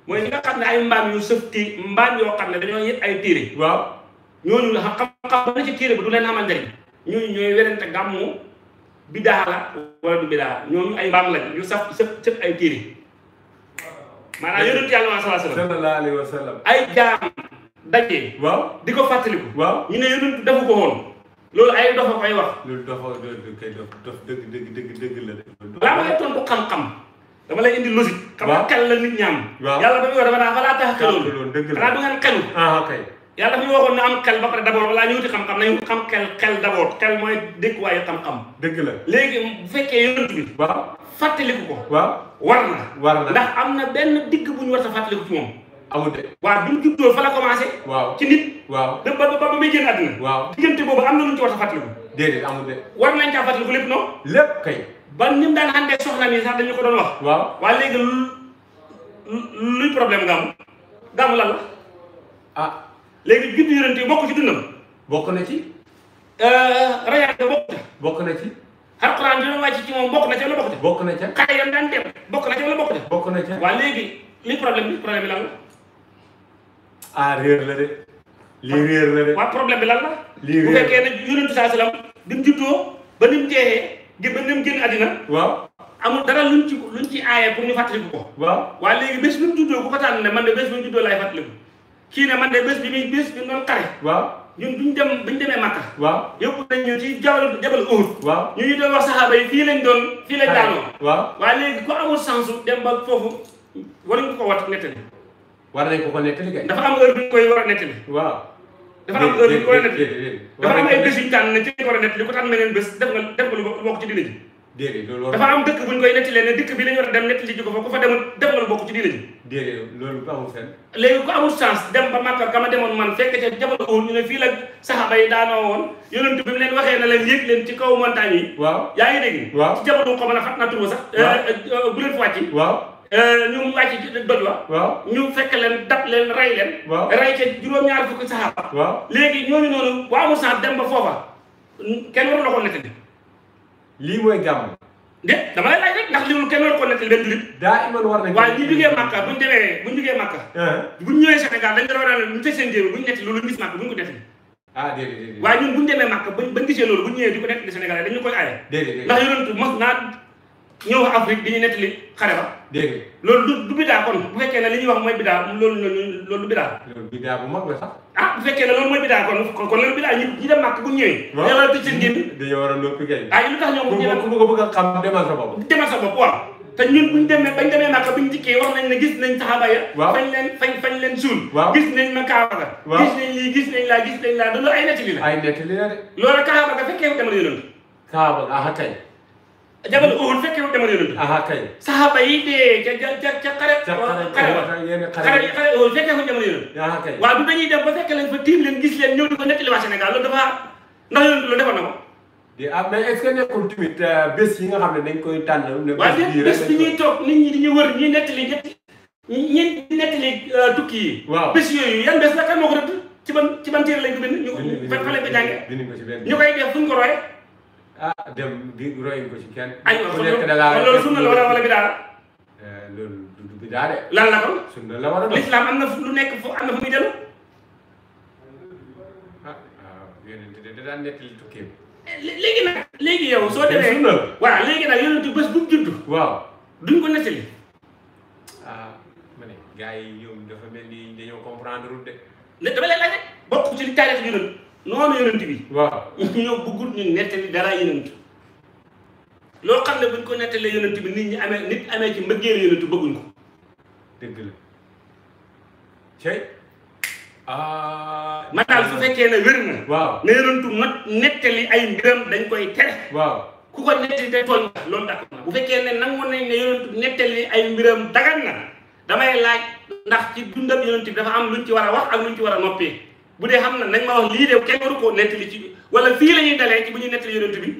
mooy ñi nga xam ne ay mbaam yu sëfti mbaam yoo xam ne dañoo yëpp ay téere waaw ñooñu la xam-xam ba ci téere bi du leen amal njëriñ ñooñu ñooy werante gàmmu bi daaxara wala du bi daaxara ñooñu ay mbaam lañ yu saf ay téere maanaam yonent yàlla ma sallallahu alayhi wa sallam ay jaam daje. waaw di ko fàttaliku. waaw ñu ne yonent dafa ko woon. loolu ay dofa koy wax. loolu dofa koy dof dëgg dëgg dëgg dëgg la de. balaa ma lay tontu xam-xam. dama lay indi logique. xam nga xel la nit ñaam. waaw yàlla dafa yor naa daa balaa tax a xeloon. dëgg la xanaa bu ngeen xelu. ah ok yàlla dafa ñu waxoon ne am xel ba pare d' abord balaa ñu wuti xam-xam nañu xam xel xel d' abord mooy dëkkuwaayu xam-xam. dëgg la léegi bu fekkee yonent bi. waaw fàttaliku ko. waaw war na. war na ndax am na benn digg bu ñu war a fàttaliku ci moom. amul de. waaw bi mu juddoo fa la commencé. waaw ci nit. waaw dem ba ba ba may génn àdduna. waaw diggante boobu am na lu ñu ci war a fàttaliku. déedéet amul de. war nañ caa fàttaliku lépp noonu. lépp kay. ba ni mu daan àndee soxna mi sax dañu ko doon wax. waaw waaye léegi lu luy problème nga am. gàmmu lan la. ah. léegi juddu yonent yi bokk ci dundam. bokk na ci. Euh, rayaate bokk na. bokk na ci. alquran dina wàcc ci moom bokk na ca wala bokk ca. bokk na ca xale bokk na ca wala bokk bokk na ca waaw léegi li problème bi lan la. ah réer la de. lii réer la de. waaw problème bi lan la. lii réer bu fekkee ne yonentu saa salaam bi mu juddoo ba ni mu jeexee gi ba ni mu génn àddina. waaw amul dara luñ ci luñ ci aaye pour ñu fàttaliku ko. waaw waaw léegi bés bi mu juddoo ku ko ne man de bés bi mu juddoo laay fàttaliku kii ne man de bés bi muy bés bi mu doon xare. waaw. ñun buñ dem buñ demee Makka. waaw yóbbu nañ ñu ci jabal jabal Uhud. waaw ñu ñu doon wax saxaaba yi fii lañ doon. fii lañ daanoo. waaw waaye léegi ku amul sensu dem ba foofu waruñ ko wat nettali. war nañ ko ko nettali kay. dafa am heure bu ñu koy war a nettali. waaw. am heure bu ñu koy nettali. dafa am ay bés yu ñu tànn ci ko war a nettali ko tànn na ngeen bés def nga def nga lu bokk ci diine ji. déedéet loolu dafa am dëkk bu ñu koy nettalee ne dëkk bi la ñu war a dem nettali ji ko fa ku fa demoon def nga bokk ci diina ji déedéet loolu bu amul fenn léegi ku amul dem ba Makka ka ma demoon man fekk ca jamono woon ñu ne fii la saxaaba bi mu waxee na leen yéeg leen ci kaw montagne yi waaw yaa ngi dégg waaw ci jamono xaw ma ne xam naa tur sax eh, eh, eh, bu leen fa wàcc waaw ñu ñu fekk leen dab leen rey leen waaw rey ca juróom-ñaar fukki saxaaba waaw léegi ñooñu noonu waa amul chance dem ba foofa kenn waru la ko nettali lii mooy de dama lay laaj rek ndax li mu kenn war ko nettali benn julit. daa iman war nañ ko waaye ñu jugee Màkka bu ñu demee bu ñu jugee Màkka. Uh-huh. bu ñu ñëwee Sénégal dañu doon daal bu ñu fekk seen jéem bu ñu nettali loolu ñu gis Màkka bu ñu ko de ah déedéet déedéet waaye ñun bu ñu demee Màkka bañ bañ gisee loolu bu ñu ñëwee di ko nettali Sénégal dañu koy aaye. déedéet déedéet ndax yonent mos naa ñëw Afrique di ñu nettali xare ba. dégg nga loolu du du bidaa kon bu fekkee ne li ñuy wax mooy bidaa loolu loolu loolu bidaa. loolu bidaa bu mag la sax. ah bu fekkee ne loolu mooy bidaa kon kon loolu bidaa ñi ñi dem màkk bu ñu ñëwee. waaw ñoo war a tëj seen génn. dañoo war a noppi kay. ah lu tax ñoom ñu ku bëgg a xam demal sa bopp. demal sa bopp waaw. te ñun buñ demee bañ demee màkk buñ dikkee wax nañ ne gis nañ saxaaba ya fañ leen fañ fañ leen suul gis nañ ma kaaba ga gis nañ lii gis nañ laa gis nañ laa loolu ay nettali la ay nettali la de loolu kaaba ga fekkee demal yonent kaaba ga ah tey jabal Uhud fekkee demal yonent aha kay saxaaba yi dee ca ca ca xare xare xare Uhud fekkee ko demal yonent aha kay waaw du dañuy dem ba fekk leen fa tiim leen gis leen ñëw di ko nettali waa Sénégal loolu dafa ndax yonent loolu defoon na ko di ah mais est-ce que nekkul tamit euh, bés yi nga xam ne dañ koy tànn ne bés bi ñuy toog nit ñi di ñu wër ñi nettali ñetti ñi nettali euh, tukki yi waaw bés yooyu yan bés la kan moo ko rëdd ci ban ci ban téere lañ ko bind ñu fa lañ ko jànge ñu koy def fu ñu ko roye ah dem bi royin ko ci kenn. aywa xam nga loolu sunna la wala wala eh, loolu du bidaa de. lan la kon sunna la war a doon lislaam am na lu nekk fu am na fu muy waaw ah, ah, yonent da eh, léegi yow soo demee sunna la waaw léegi nag mu judd. waaw duñ ko ah ma ne gars yi ñoom dafa mel ni dañoo comprendre lu de. ne dama leen laaj rek bokk ci li taarix ñu noonu yonent bi. waaw ñoo bëggul ñu nettali dara yonent. loo xam ne buñ ko nettalee yonent bi nit ñi amee nit amee ci mbëggeel yonent bëgguñ ko. dëgg la. cey. ah. man daal fekkee ne wér na. waaw ne ay mbiram dañ koy tere. waaw ku ko te tooñ la loolu d'accord na bu fekkee ne nangu nettali ay mbiram dagan na damay laaj ndax ci dundam yonent bi dafa am luñ ci war a wax ak luñ ci war a noppee. bu dee xam na nañ ma wax lii de kenn waru nettali ci wala fii la dalee ci bu ñuy nettali yonent bi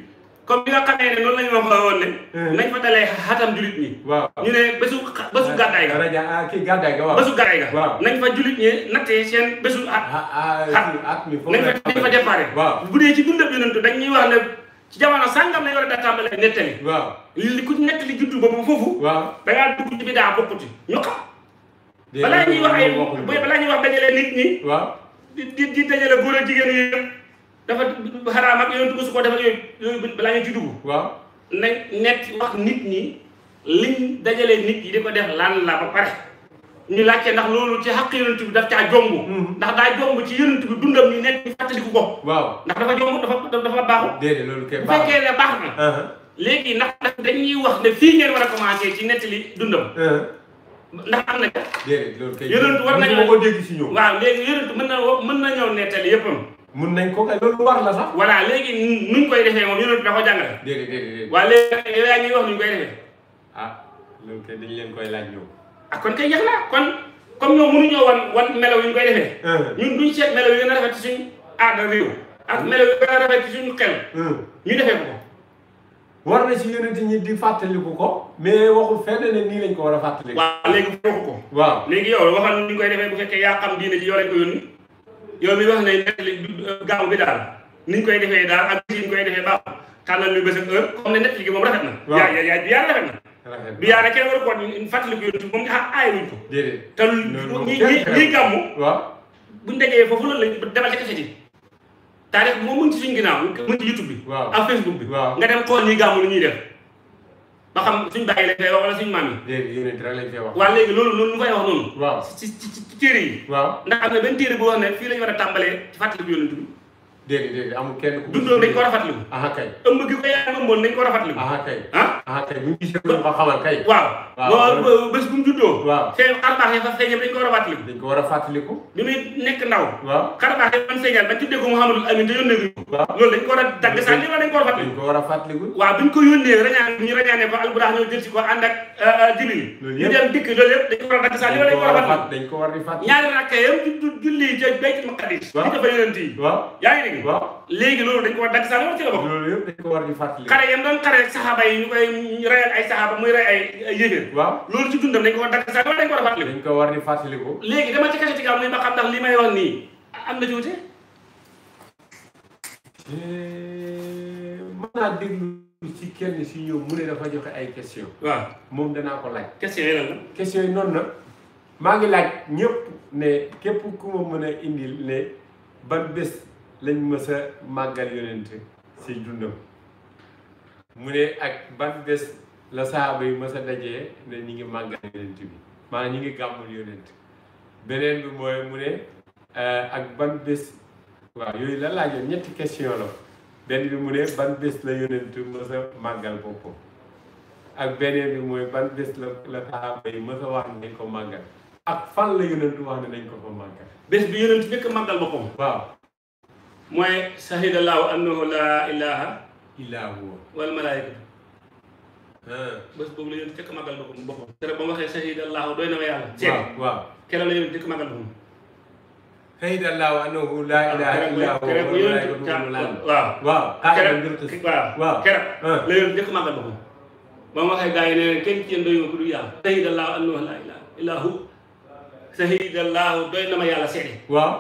comme bi nga xamee ne eh. nañ fa dalee ñi. xa bésu eh, gàddaay ga. rajo ah, kii gàddaay ga waaw bésu gàddaay ga. nañ nattee seen bésu at. Ah, ah, at mi nañ fa nañ fa déparé. waaw bu dee ci dundab yonent a daa tàmbalee nettali. waaw li ku nettali juddu boobu foofu. waaw dugg ci bi daa bokkuti ñu xam. balaa ñuy wax balaa ñuy wax dajale nit ñi. di di di dajale góor ak jigéen yi dafa xaraam ak yooyu dugg su ko def ak yooyu yooyu balaa ñu ci dugg. waaw nañ nekk wax nit ñi liñ dajale nit yi di ko def lan la ba pare. ñu laajte ndax loolu ci xaq yonent bi daf caa jomb. Mm-hmm. ndax daa jomb ci yonent bi dundam ñu nekk ñu fàttaliku ko. waaw ndax dafa jomb dafa dafa baaxul. déedéet loolu kee baaxul bu fekkee ne baax na. Uh-huh. léegi ndax dañuy wax ne fii ngeen war a commencé ci nettali dundam. Uh-huh. ndax am na ca. déedéet loolu kay yonent war nañoo ko dégg si ñoom. waaw léegi yonent mën na mën nañoo nettali yëppam. mën nañ ko kay loolu war la sax. voilà léegi nuñ koy defee moom yonent da ko jàngale. déedéet déedéet. koy defee. Ah, loolu kay dañ leen koy laaj ñoom. ah kon kay jeex kon comme ñoom mënuñoo wan wan melaw yi ñu koy defee. ñun duñ seet melaw yi gën a rafet ci suñu aada réew. ak melaw yi gën a rafet ci suñu xel. ñu defee ko. war na ci yonent ñi di fàttaliku ko mais waxul fenn ne nii lañ ko war a fàttaliku. waaw léegi waxu ko. waaw léegi yow waxal ni ñu koy defee bu fekkee yaa xam diine ji yoo leen ko yónni euh, bi daal ni ñu koy defee daal ak koy defee baaxul tànnal ñu bés ak heure comme ne nekk gi moom rafet na. waaw yaa na. du yaa rek kenn war ko fàttaliku nga xam aay wuñ ko. déedéet te ñi ñi ñi gàmmu. waaw buñ dajee foofu loolu lañ demal ci kese ji. taarix bi moo mën ci suñ ginnaaw mën ci youtube bi ak facebook bi nga dem xool ñi gàmmu lu ñuy def ba xam suñ bàyyi lañ fay wax wala suñ maam yi waaw léegi loolu loolu ñu fay wax noonu ci ci téere yi ndax am na benn téere bu wax ne fii lañu war a tàmbalee ci fàttali bi yonent bi déedéet déedéet amul kenn ku. dundoo dañ ko rafetlu. ah kay ëmb gi ko yaa ëmboon dañ ko rafetlu. ah kay ah kay bu ñu gisee ko xamal kay. waaw waaw bés bu mu juddoo. waaw seen xarbaax yi fa feeñal dañ ko war a fàttaliku. dañ ko war a fàttaliku. bi muy nekk ndaw. waaw xarbaax yi man feeñal ba tuddee ko Mouhamadul Amin te yónnee ko. waaw loolu dañ ko war a dagg sax li ma dañ ko war a fàttaliku. dañ ko war a fàttaliku. waaw bi ñu ko yónnee rañaan ñu rañaanee ko alburax ñëw jël si ko ànd ak euh, euh, jibril ñu dem dikk loolu yëpp dañ ko war a dagg sax li ma dañ ko war a fàttaliku. dañ ko war a fàttaliku ñaari rakka yam julli ca baytul maqadis. waaw di dafa yonent yi. waaw yaa ngi dégg yi. waaw léegi loolu dañ ko war dagg sax loolu ci la bokk. loolu yëpp dañ ko war di fàttali. xare yam doon xare saxaaba yi ñu koy reyal ay saxaaba muy rey ay yéeféer. waaw loolu ci dundam dañ ko war dagg sax loolu dañ ko war a fàttali. dañ ko war di fàttali ko. léegi dama ci kese ci gaaw ni ma xam ndax li may wax nii am na tuuti. Eh, mën naa déglu. ci kenn si ñoom mu ne dafa joxe ay question waaw moom danaa ko laaj. question yi lan la. question yi noonu na maa ngi laaj ñëpp ne képp ku ma mën a indil ne ban bés lañ mës a màggal yonente si dundam mu ne ak ban bés la saaba yi mës daje dajee ne ñi ngi màggal yonente bi maanaam ñi ngi gàmmul yonente beneen bi mooy mu ne eh, ak ban bés waaw yooyu la laajoon ñetti question la benn bi mu ne ban bés la yonente mës a màggal boppam ak beneen bi mooy ban bés la la saaba yi mës wax ne ko màggal ak fan la yonente wax ne dañ ko fa màggal bés bi yonente fekk màggal boppam waaw mooy sahida laahu annahu laa ilaha illaa huwa wal malaayikatu bés boobu la yéen jëkk màggal boppam boppam keroog ba mu waxee sahida laahu doy na ma yàlla seet waaw keroog la yéen jëkk màggal boppam sahida laahu annahu laa ah, ilaha illaa huwa keroog waaw waaw waaw keroog la yéen jëkk màggal boppam ba mu waxee gars yi ne kenn ci yéen doy ma ku dul yàlla sahida laahu annahu laa ilaha illaa huwa sahida laahu doy na ma yàlla seet waaw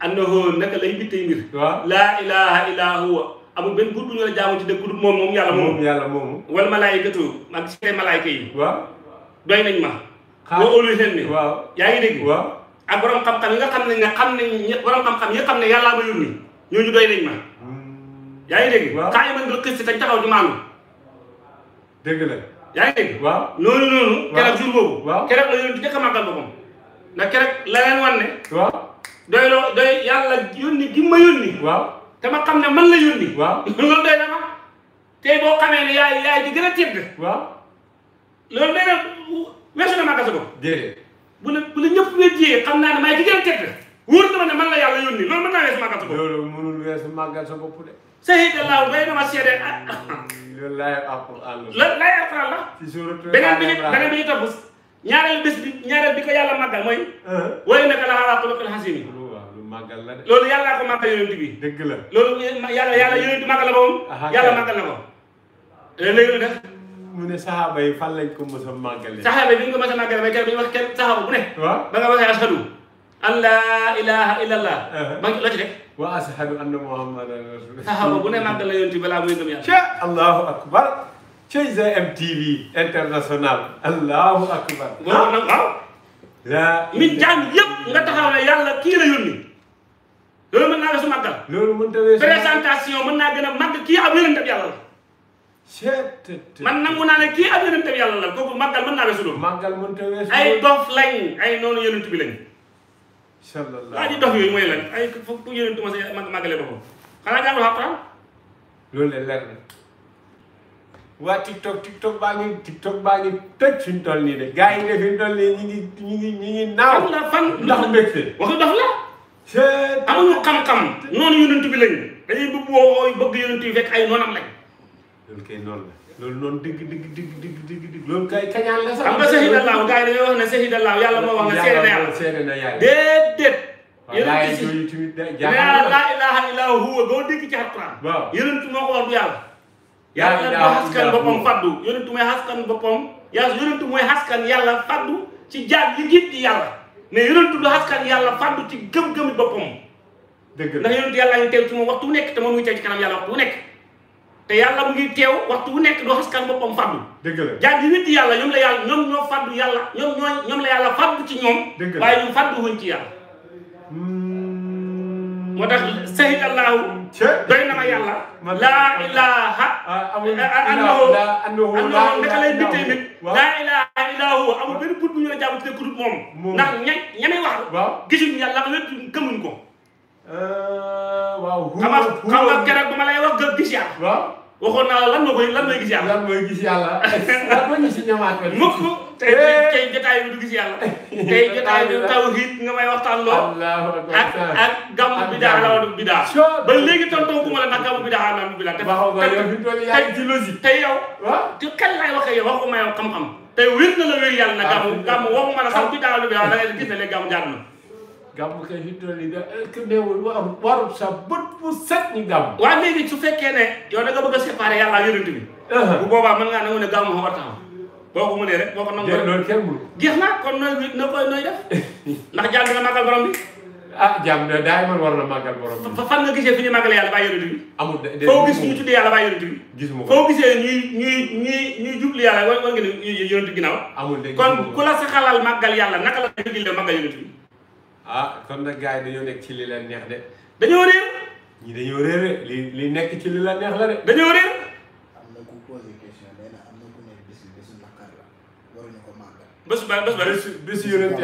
annahu naka lay bittee mbir. waaw laa ilaha illa huwa amul benn buur bu ñu la jaamu ci dëkk moom moom yàlla moomu. yàlla moomu. wal malaayikatu ak seen malaayika yi. waaw doy nañ ma. xaaral boo óolu leen ne. waaw yaa ngi dégg. waaw ak borom xam-xam yi nga xam ne nga xam ne borom xam-xam yi nga xam ne yàllaa ma yónni ñooñu doy nañ ma. Mm. yaa ngi dégg. waaw kaa yi mën nga xis si te taxaw di maanu. dégg la. yaa ngi dégg. waaw noonu noonu. waaw keroog jour boobu. waaw keroog la yónni njëkk a màggal boppam. ndax keroog la leen wan ne. waaw doy loo doy yàlla yónni gi ma yónni. waaw te ma xam ne man la yónni. waaw loolu doy na ma tey boo xamee ne yaay yaay di gën a tedd. waaw loolu doy na weesu na ma gasa ko. déedéet bu la bu la ñëpp wéjjee xam naa ne maay di gën a tedd wóor na ma ne man la yàlla yónni loolu mën naa weesu màggal sa bopp. loolu mënul weesu màggal sa bopp de. sahidallahu bay na ma seede ah. loolu laay alquran la. la laay alquran la. bi ñu beneen ñaareel bés bi ñaareel bi ko yàlla màggal mooy. Ah. wóoree naka la xalaat lu xasee nii. màggal la de loolu yàllaa ko màggal yonent bi. dëgg la loolu yàlla yàlla yonent màggal la ko moom. Ah, yàlla màggal na ko. Eh, léegi lu def. mu ne saxaaba yi fan lañ ko mos a màggalee. saxaaba yi bi ñu ko mos a màggalee mais kenn duñu wax kenn saxaaba bu ne. waaw ba nga waxee ashadu an laa ilaaha illallah. ma ah. la ci rek. wa ashadu anna muhammadan rasulullah. saxaaba bu ne màggal la yonent bi balaa muy gëm yàlla. allahu akbar cey GMTV international allahu akbar waaw nag waaw la min jàng yëpp nga taxaw ne yàlla kii la yónni loolu mën naa weesu màggal loolu mën ta weesu présentation mën naa gën a màgg kii ab yonent ab yàlla la man nangu naa ne kii ab yonent ab yàlla la kooku màggal mën naa weesu loolu màggal mën ta weesu ay dof lañ ay noonu yonent bi lañ sallallahu waa di dof yooyu mooy lan ay foog yonent ma sa màggale boppam xanaa jàngul Alxuraan loolu de leer na waa TikTok TikTok baa ngi TikTok baa ngi tëj fi mu toll nii de gars yi de fi nii ñu ngi ñu naaw. xam nga fan ndax mbégte. waxu dof la. c' est. amuñu xam-xam noonu yonent ba lañ dañuy bëgg woo bëgg yonent yi fekk ay noonam lañ. loolu kay noonu la. loolu noonu dëgg dëgg dëgg dëgg dëgg dëgg loolu kay kañaan la sax. xam nga na yàlla seede na laa ilaaha illaa huwa boo dégg ci Alxuraan. waaw yonent moo ko wax du yàlla daa xaskan boppam faddu yonentu mooy xaskan boppam yàlla yonentu mooy xaskan yàlla faddu ci jaar li giit di yàlla ne yonentu du xaskan yàlla faddu ci gëm-gëmi boppam dëgg ndax yonentu yàlla ngi teew ci moom waxtu wu nekk te moom ngi teew ci kanam yàlla waxtu wu nekk te yàlla mu ngi teew waxtu wu nekk loo xaskan boppam faddu dëgg la di yàlla ñoom la yàlla ñoom ñoo faddu yàlla ñoom ñoo ñoom la yàlla faddu ci ñoom waaye ñoom faddu wuñ ci yàlla hmm. moo tax sahid allahu doy na ma yàlla laa ilaha ah, annahu annahu naka lay bittee nit laa ilaha illa huwa amul benn but bu ñu la jàmm tudde kudut moom ndax ña ñamey wax gisuñ yàlla wéttuñ gëmuñ ko euh, waaw xam nga keroog bu ma lay wax gëm gis yàlla waxoon naa lan moo koy lan mooy gis yàlla lan mooy gis yàlla lan mooy gis yàlla mukk tey eh. tey jotaay bi du gis yàlla. Eh. tey jotaay bi tawhid nga may waxtaan loo. ak ak gàmmu bi daa la bi daa. ba léegi tonton ku ma la ndax gàmmu bi daa la bi daa. teg ci logique tey yow. ci kan laay waxee yow waxuma yow xam-xam. tey wér na la wér yàlla na gàmmu gàmmu waxuma la sax bi daa la bi daa da ngay gis ne léegi gàmmu jaar na. gàmmu kay hidrol yi da ku deewul wa warul sa bët bu set ñu gàmm. waaw léegi su fekkee ne yow da nga bëgg a séparer yàlla ak yonent bi. bu boobaa mën ngaa nangu ne gàmmu war taxaw boo ko mënee rek boo ko nangoo rek loolu kenn mënu ko jeex na kon nooy na koy nooy def ndax jaam dina màggal borom bi ah jaam man na màggal fi ñu màggalee yàlla bàyyi yonent bi amul foo gis ñu tuddee yàlla bàyyi yonent bi gisuma foo gisee ñuy ñuy ñuy ñuy jublu yàlla war nga ne yonent ginnaaw amul de kon ku la sa xalal màggal yàlla naka la jublee màggal yonent bi ah kon nag gars yi dañoo nekk ci li leen neex de dañoo réer ñi dañoo réer li li nekk la de dañoo réer bés ba bés ba bés bés yonent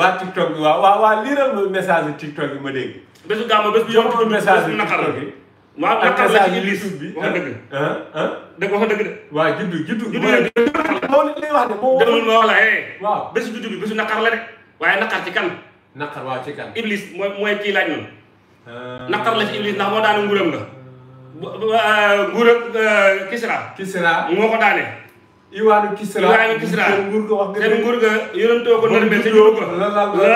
waa TikTok bi waaw waaw waaw liiral ma message yi TikTok yi ma dégg. bésu gàmmu bés bi yow ma message yi naqar bi. waaw naqar la bi wax dëgg. Ah, ah dëgg wax dëgg de. waaw juddu juddu. juddu yëpp moom li lay wax de moo. demul la eh. waaw bésu juddu bi bésu naqar la de waaye naqar ci kan. naqar waaw ci kan. Iblis mooy kii laaj ah. naqar la ci Iblis ndax moo daane nguuram nga. bu ah, nguuram Kisra. Kisra moo ko daane. Iwaanu Kisra Iwaanu Kisra nguur ga wax nga. nguur ga yorantoo ko nar benn ko. la la la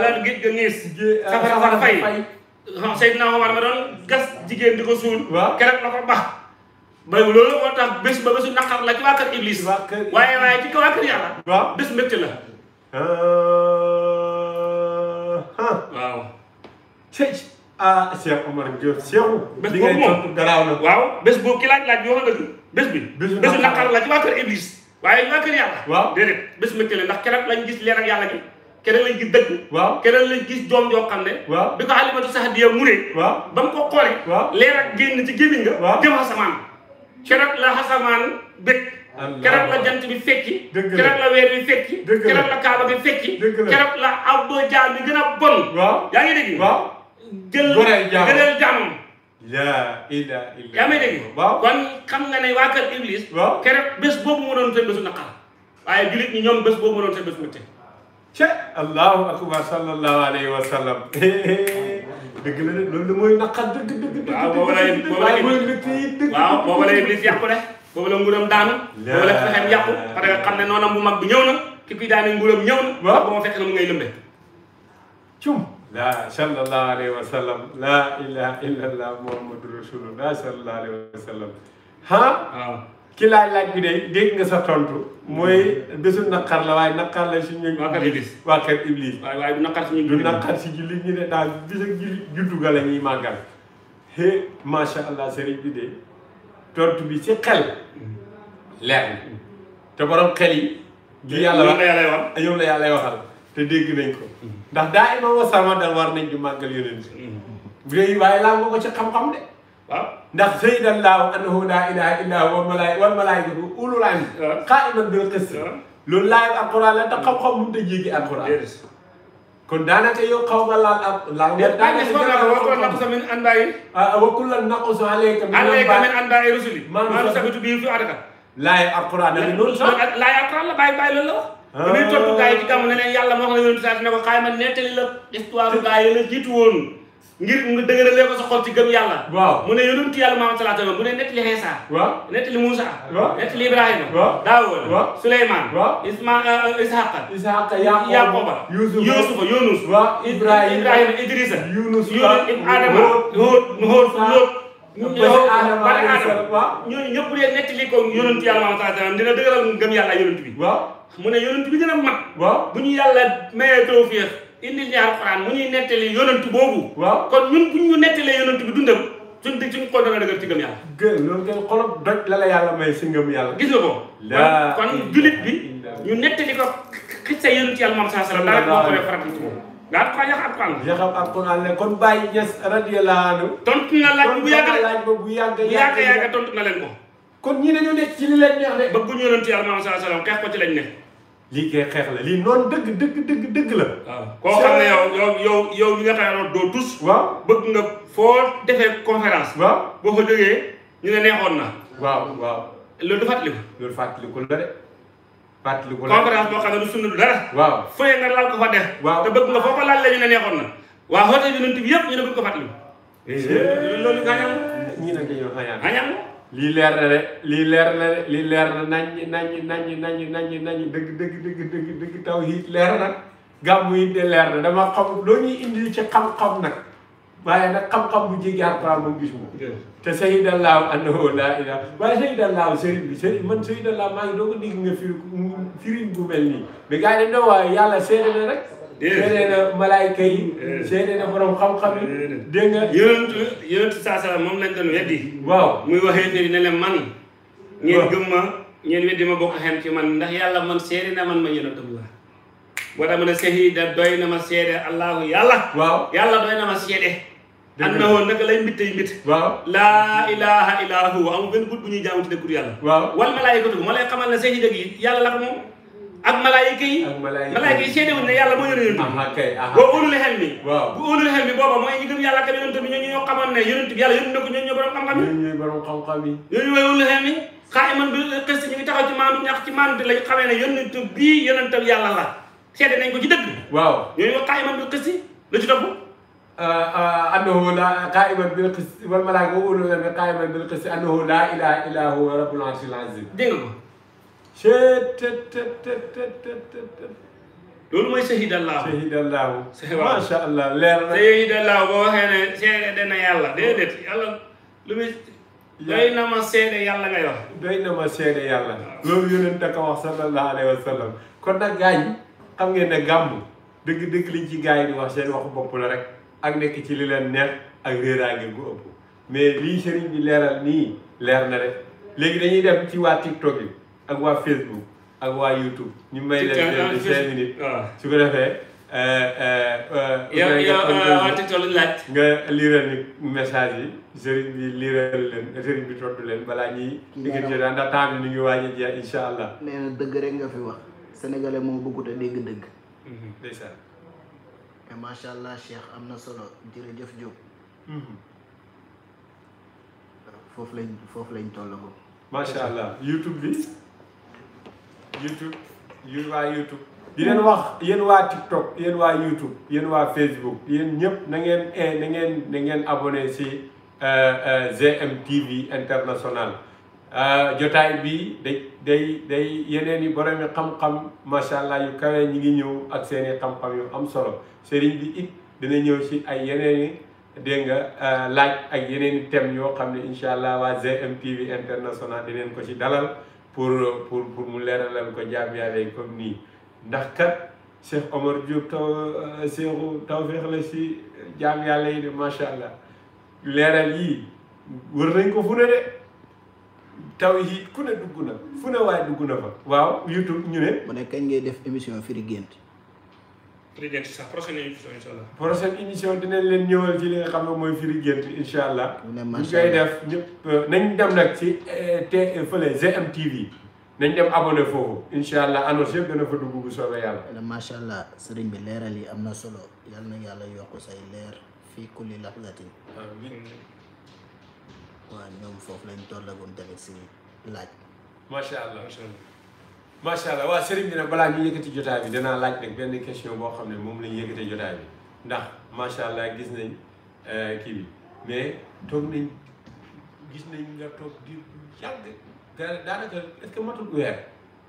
la géej ga ngees. Eh, safara safara fay. xam Seydina Omar ma doon gas jigéen di ko suul. waaw keroog la ko bax. ba loolu moo tax bés ba bésu naqar la ci waa kër Iblis. waaye waaye ci waa kër yàlla. waaw bés mbégte la. Euh, waaw. Cheikh ah Cheikh Omar Diop Cheikh. bés boobu moom li ngay tontu garaaw na. waaw bés boobu ki laaj laaj yoo xam ne bés bi bésu naqar la ci waa kër Iblis waaye ñu waa kër yàlla waaw déedéet bés métti la ndax keroog lañ gis leer ak yàlla gi keneen lañ gis dëgg waaw keneen lañ gis joom joo xam ne waaw bi ko alimatu sahadiya mu ne waaw ba mu ko xoole waaw leer ak génn ci gémmiñ nga jëm xasamaan keroog la xasamaan bég keroog la jant bi fekki keroog la weer bi fekki keroog la kaaba bi fekki keroog la abdo jaar bi gën a bon yaa ngi dégg jël gëneel jaamam la ila illa yaa may dégg waaw kon xam nga ne waa kër Iblis. waaw keroog bés boobu mu doon seen bésu naqar waaye jullit ñi ñoom bés boobu mu doon seen bésu métti. ca allahu akbar sallallahu alayhi wa sallam dëgg la de loolu mooy naqar dëgg dëgg. waaw boobu la yëg boobu Iblis yàqu de. boobu la nguuram daanu. boobu la mag bi ñëw na ki kuy fekk na mu ngay lëmbe. laa sallallahu alayhi wa sallam laa muhammadu rasulullah sallallahu alayhi wa sallam ah ki bi de dégg nga sa tontu mooy bésu naqar la waaye naqar la si ñun. waa kër Iblis waaye du naqar si ñun du naqar si jullit ñi ne daal bis juddu ga la ñuy màggal. he macha allah sëriñ bi de tontu bi si xel mm. leer te borom xel yi. li yàlla wax yow te dégg nañ ko ndax daa imaam wa sarmadal war nañ di màggal yonent mm-hmm. bu dee waaye laa nga ko ci xam-xam de waaw ah. ndax sayyidallaahu annahu laa ilaaha illaa huwa wal malaaikatu ulul ilmi ah. qaa'iman bil qist ah. loolu laayam alquran la te xam-xam mënut a jéggi alquran kon daanaka yow xaw nga laal ak laal nga daanaka yow wa kullan naqsu min anbaa'i wa kullan naqsu alayka min anbaa'i rusuli maa nusabbitu bihi fu'aadaka laayam alquran la bàyyi bàyyi loolu la wax bu ñuy topp gars yi ci gàmm ne leen yàlla wax na yonent saa ne ko xaay ma nettali la histoire gars yi la jiitu woon ngir nga dëgëralee ko sa xol ci gëm yàlla waaw mu ne yonent yàlla Muhammad sallallahu alayhi wa sallam mu ne nettali Iisa waaw nettali Muusa waaw nettali Ibrahima waaw Daawuda waaw Suleymaan waaw Isma euh, Ishaqa Ishaqa Yaaqooba Yuusufa Yunus waaw Ibrahima Ibrahima Idrisa Yunus Adama Hóot Hóot Lóot bari Adama ñooñu ñëpp dee nettali ko yonent yàlla Muhammad sallallahu alayhi wa sallam dina dëgëral gëm yàlla yonent bi waaw mu ne yonent bi gën a mat waaw bu ñu yàlla mayee tawfiix indi ñu alxuraan mu ñuy nettali yonent boobu waaw kon ñun bu ñu nettalee yonent bi dundam suñ di suñ xol la yàlla may si ngëm yàlla gis nga ko kon julit bi ñu nettali ko xis sa yonent yàlla moom saa salaam daal moo xoolee farata bu yàgg laaj bu yàgg ko kon ñi dañoo nekk saa salaam ko ci lañ ne lii kay xeex la lii noonu dëgg dëgg dëgg dëgg la. waaw ah, koo xam ne yow yow yow yow ñu nga xam ne doo tus. waaw bëgg nga foo defee conférence. ba boo ko ñu ne neexoon na. waaw waaw. loolu du fàttaliku. loolu fàttaliku la de. fàttaliku la conférence boo xam ne du sunna du dara. waaw fëyee nga laal ko fa def. waaw te bëgg nga foo ko laal la ñu ne neexoon na. waaw xoote bi nañ bi yëpp ñu ne bëgg ko fàttaliku. Eh, eh, loolu nga ñam. ñii nag lii leer na de lii leer na de lii leer na naññ nañ naññ nañ naññ naññ dëgg dëgg dëgg dëgg dëgg taw yi leer na gàmmu yi de leer na dama xam loo ñuy indi ci xam-xam nag waaye nag xam-xam bu jéggi Alxuraan moom gis moom te sahidallaahu annahu laa ilaaha waaye sahidallaahu sëriñ bi sëriñ man sahidallaahu maa ngi doo ko dégg nga firi firiñ bu mel nii mais gars yi dañ waaye yàlla seede na rek déedéet na malaayka yi. seede na borom xam-xam yi. dégg nga yonentu yonentu saa moom lañ doon weddi. waaw muy waxee ne ne leen man. ñeen gëm ma ñeen weddi ma bokk xem ci man ndax yàlla man seede na man ma yonentullah. boo tax ma ne sahida doy na ma seede allahu yàlla. waaw yàlla doy na ma seede. annahu naka lay mbittay mbitt. waaw laa ilaha illa huwa amul benn but bu ñuy jaamu ci dëkkul yàlla. waaw wal malaayikatu ma lay xamal ne sahida gi yàlla la ko ak malaayika yi ak malaayika yi seede wuñ ne yàlla moo yor yonent bi boo ulul xel mi bu ulul xel mi booba mooy ñi gëm yàlla ak yonent bi ñooñu ñoo xamoon ne yonent bi yàlla yónni na ko ñooñu ñoo borom xam-xam yi ñooñu borom xam-xam yi ñooñu mooy ulul xel mi xaa iman bi xis ñu ngi taxaw ci maanu ñax ci maanu lañ xamee ne yonent bii yonent yàlla la seede nañ ko ci dëgg waaw ñooñu xaa iman bi xis la ci topp annahu la qaa'iman bil qist wal malaa'ika ulul xel mi qaa'iman bil qist annahu la ilaha illa huwa rabbul arshil azim dégg nga seet tet tet tet tet tet loolu mooy sahidallaahu sahidallaahu macha allah leer na sahidallaahu boo waxee ne seede dana yàlla déedéet yàlla lu muy doy na ma seede yàlla ngay wax doy na ma yàlla loolu yonent da ko wax sallallahu alayhi wa sallam kon nag gars yi xam ngeen ne gàmm dëgg-dëgg liñ ci gars yi di wax seen waxu bopp la rek ak nekk ci li leen neex ak réeraange gu ëpp mais lii sëriñ bi leeral nii leer na rek léegi dañuy dem ci waa TikTok yi ak waa Facebook ak waa YouTube. ñu may leen di cinq minutes su ko defee. Euh, euh, euh, yow yow TikTok laaj. nga liiral ni message yi sëriñ bi liiral leen sëriñ bi tontu leen balaa ñuy. di ngeen jëlaat ndax temps bi ñu ngi allah. nee dëgg rek nga fi wax. dégg dëgg. Mhm. ndeysaan. mais macha allah Cheikh am na solo jërëjëf Diop. Mhm. foofu lañ foofu lañ toll ko. macha allah YouTube bi. YouTube yéen waa YouTube di ngeen wax yéen waa TikTok yéen waa YouTube yéen waa Facebook yéen ñëpp na ngeen eh, na ngeen na ngeen abonné si euh, euh, GMTV international euh, jotaay bi day day day yeneen i borom yi xam-xam macha allah yu kawe ñi ngi ñëw ak seen i xam-xam yu am solo sëriñ bi it dina ñëw si ay yeneeni i dégg nga laaj ak yeneen i thèmes yoo xam ne incha allah waa GMTV international di leen ko si dalal. pour pour pour mu leeralal ko jaam yàlla yi comme nii ndax kat Cheikh Omar Diop taw euh, Cheikhu tawféex la si jaam yàlla yi de macha allah leeral yi wër nañ ko fu ne de taw yi ku ne dugg na fu ne waaye dugg na fa waaw youtube ñu ne mu ne kañ ngee def émission firi gént firi gént sax prochaine émission incha allah. dinañ leen ñëwal ci li nga xam ne mooy firi gént incha allah. ñu koy def ñëpp euh, nañ dem nag ci euh, te euh, fële GMTV. nañ dem abonné foofu incha allah annonce yëpp dana fa dugg bu soobee yàlla. macha allah sëriñ bi leeral yi am na solo yal na yàlla yokk say leer fii kulli lahzatin. amiin. waaw ñoom foofu lañ tollagoon tamit si laaj. macha allah macha allah. macha allah waa sëriñ bi nag balaa ñu yëkkati jotaay bi danaa laaj nag benn question boo xam ne moom la ñu yëkkatee jotaay bi ndax macha allah gis nañ euh, kii bi mais toog nañ gis nañ nga toog di yàgg daanaka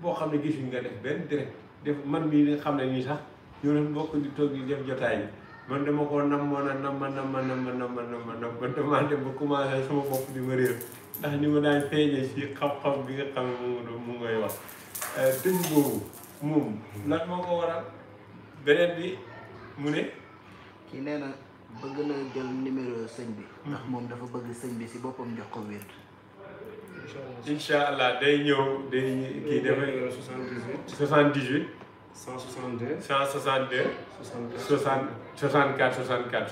xam ne gisuñ nga def benn direct def man mii xam ne nii sax ñoo doon bokk di toog di def jotaay bi man dama ko namoon a nam ma nam ma nam ma nam ma nam ma nam ma damaa dem ba commencé sama bopp di ma réer ndax ni ma daan feeñee si xam-xam bi nga xam ne moom mu ngay wax Euh, dëñ boobu moom lan moo ko waral beneen bi mu ne kii nee na bëgg na jël numéro sëñ bi ndax hmm. moom dafa bëgg sëñ bi si boppam jox ko wér incha allah day ñëw day kii dafay 78 78 162 162 64 64 78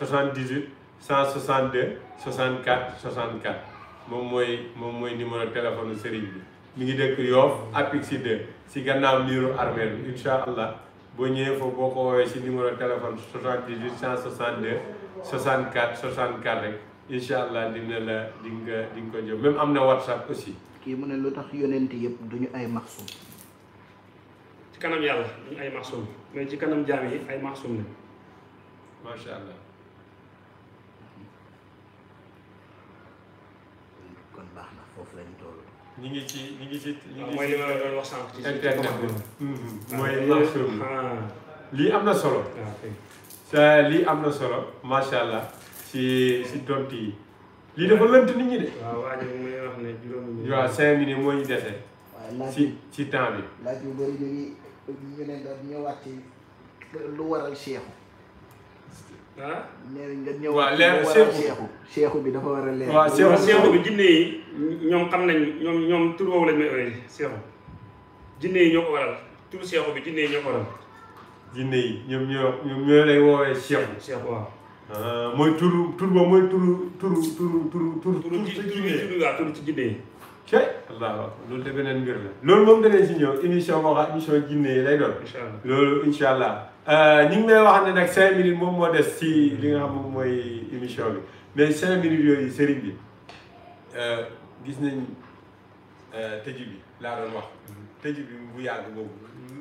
162 64 64 moom mooy moom mooy numéro téléphone sëriñ bi mi ngi dëkk Yoff APEXI 2 si gannaaw miiru armée bi incha allah boo ñëwee foofu boo ko woowee si numéro téléphone 78 162 64 64 rek incha allah dina la di nga di nga ko jëm même am na whatsapp aussi. kii mu ne lu tax yonent yëpp duñu ay maxsum. ci kanam yàlla duñu ay maxsum mais ci kanam jaam yi ay maxsum ne macha allah. ñu ngi ci ñu ngi ci. ñu mooy la doon wax sànq ci bi mooy lancé ah. lii am na solo. te ah, lii am na solo macha allah si si tontu yi lii dafa lënt nit ñi de. waaw a ji mu ngi wax ne juróomi. waaw cinq moo si si temps bi. laaj yu bëri ñu ngi ñu ngi ñëwaat ci lu waral ah. nee nga ñëw waaw leer seexu seexu bi dafa war a leer. waaw seexu seexu bi jinne yi ñoom xam nañ ñoom ñoom tur woowu lañ may oyee seexu jinne yi ñoo ko waral tur seexu bi jinne yi ñoo ko waral. jinne yi ñoom ñoo ñoom ñoo lay woowee seexu. seexu waaw. Ah, mooy turu tur boobu mooy turu turu turu turu turu. turu ci jinne yi turu waaw turu ci jinne yi. ok allah loolu de beneen mbir la. loolu moom danañ si ñëw émission boo xam émission jinne yi lay doon. incha allah loolu incha allah. Euh, ñu ngi may wax ne nag cinq minutes moom moo des ci li xam moom mooy émission bi mais cinq minutes yooyu sëriñ bi euh, gis nañ euh, tëju bi laa doon wax tëju bi bu yàgg boobu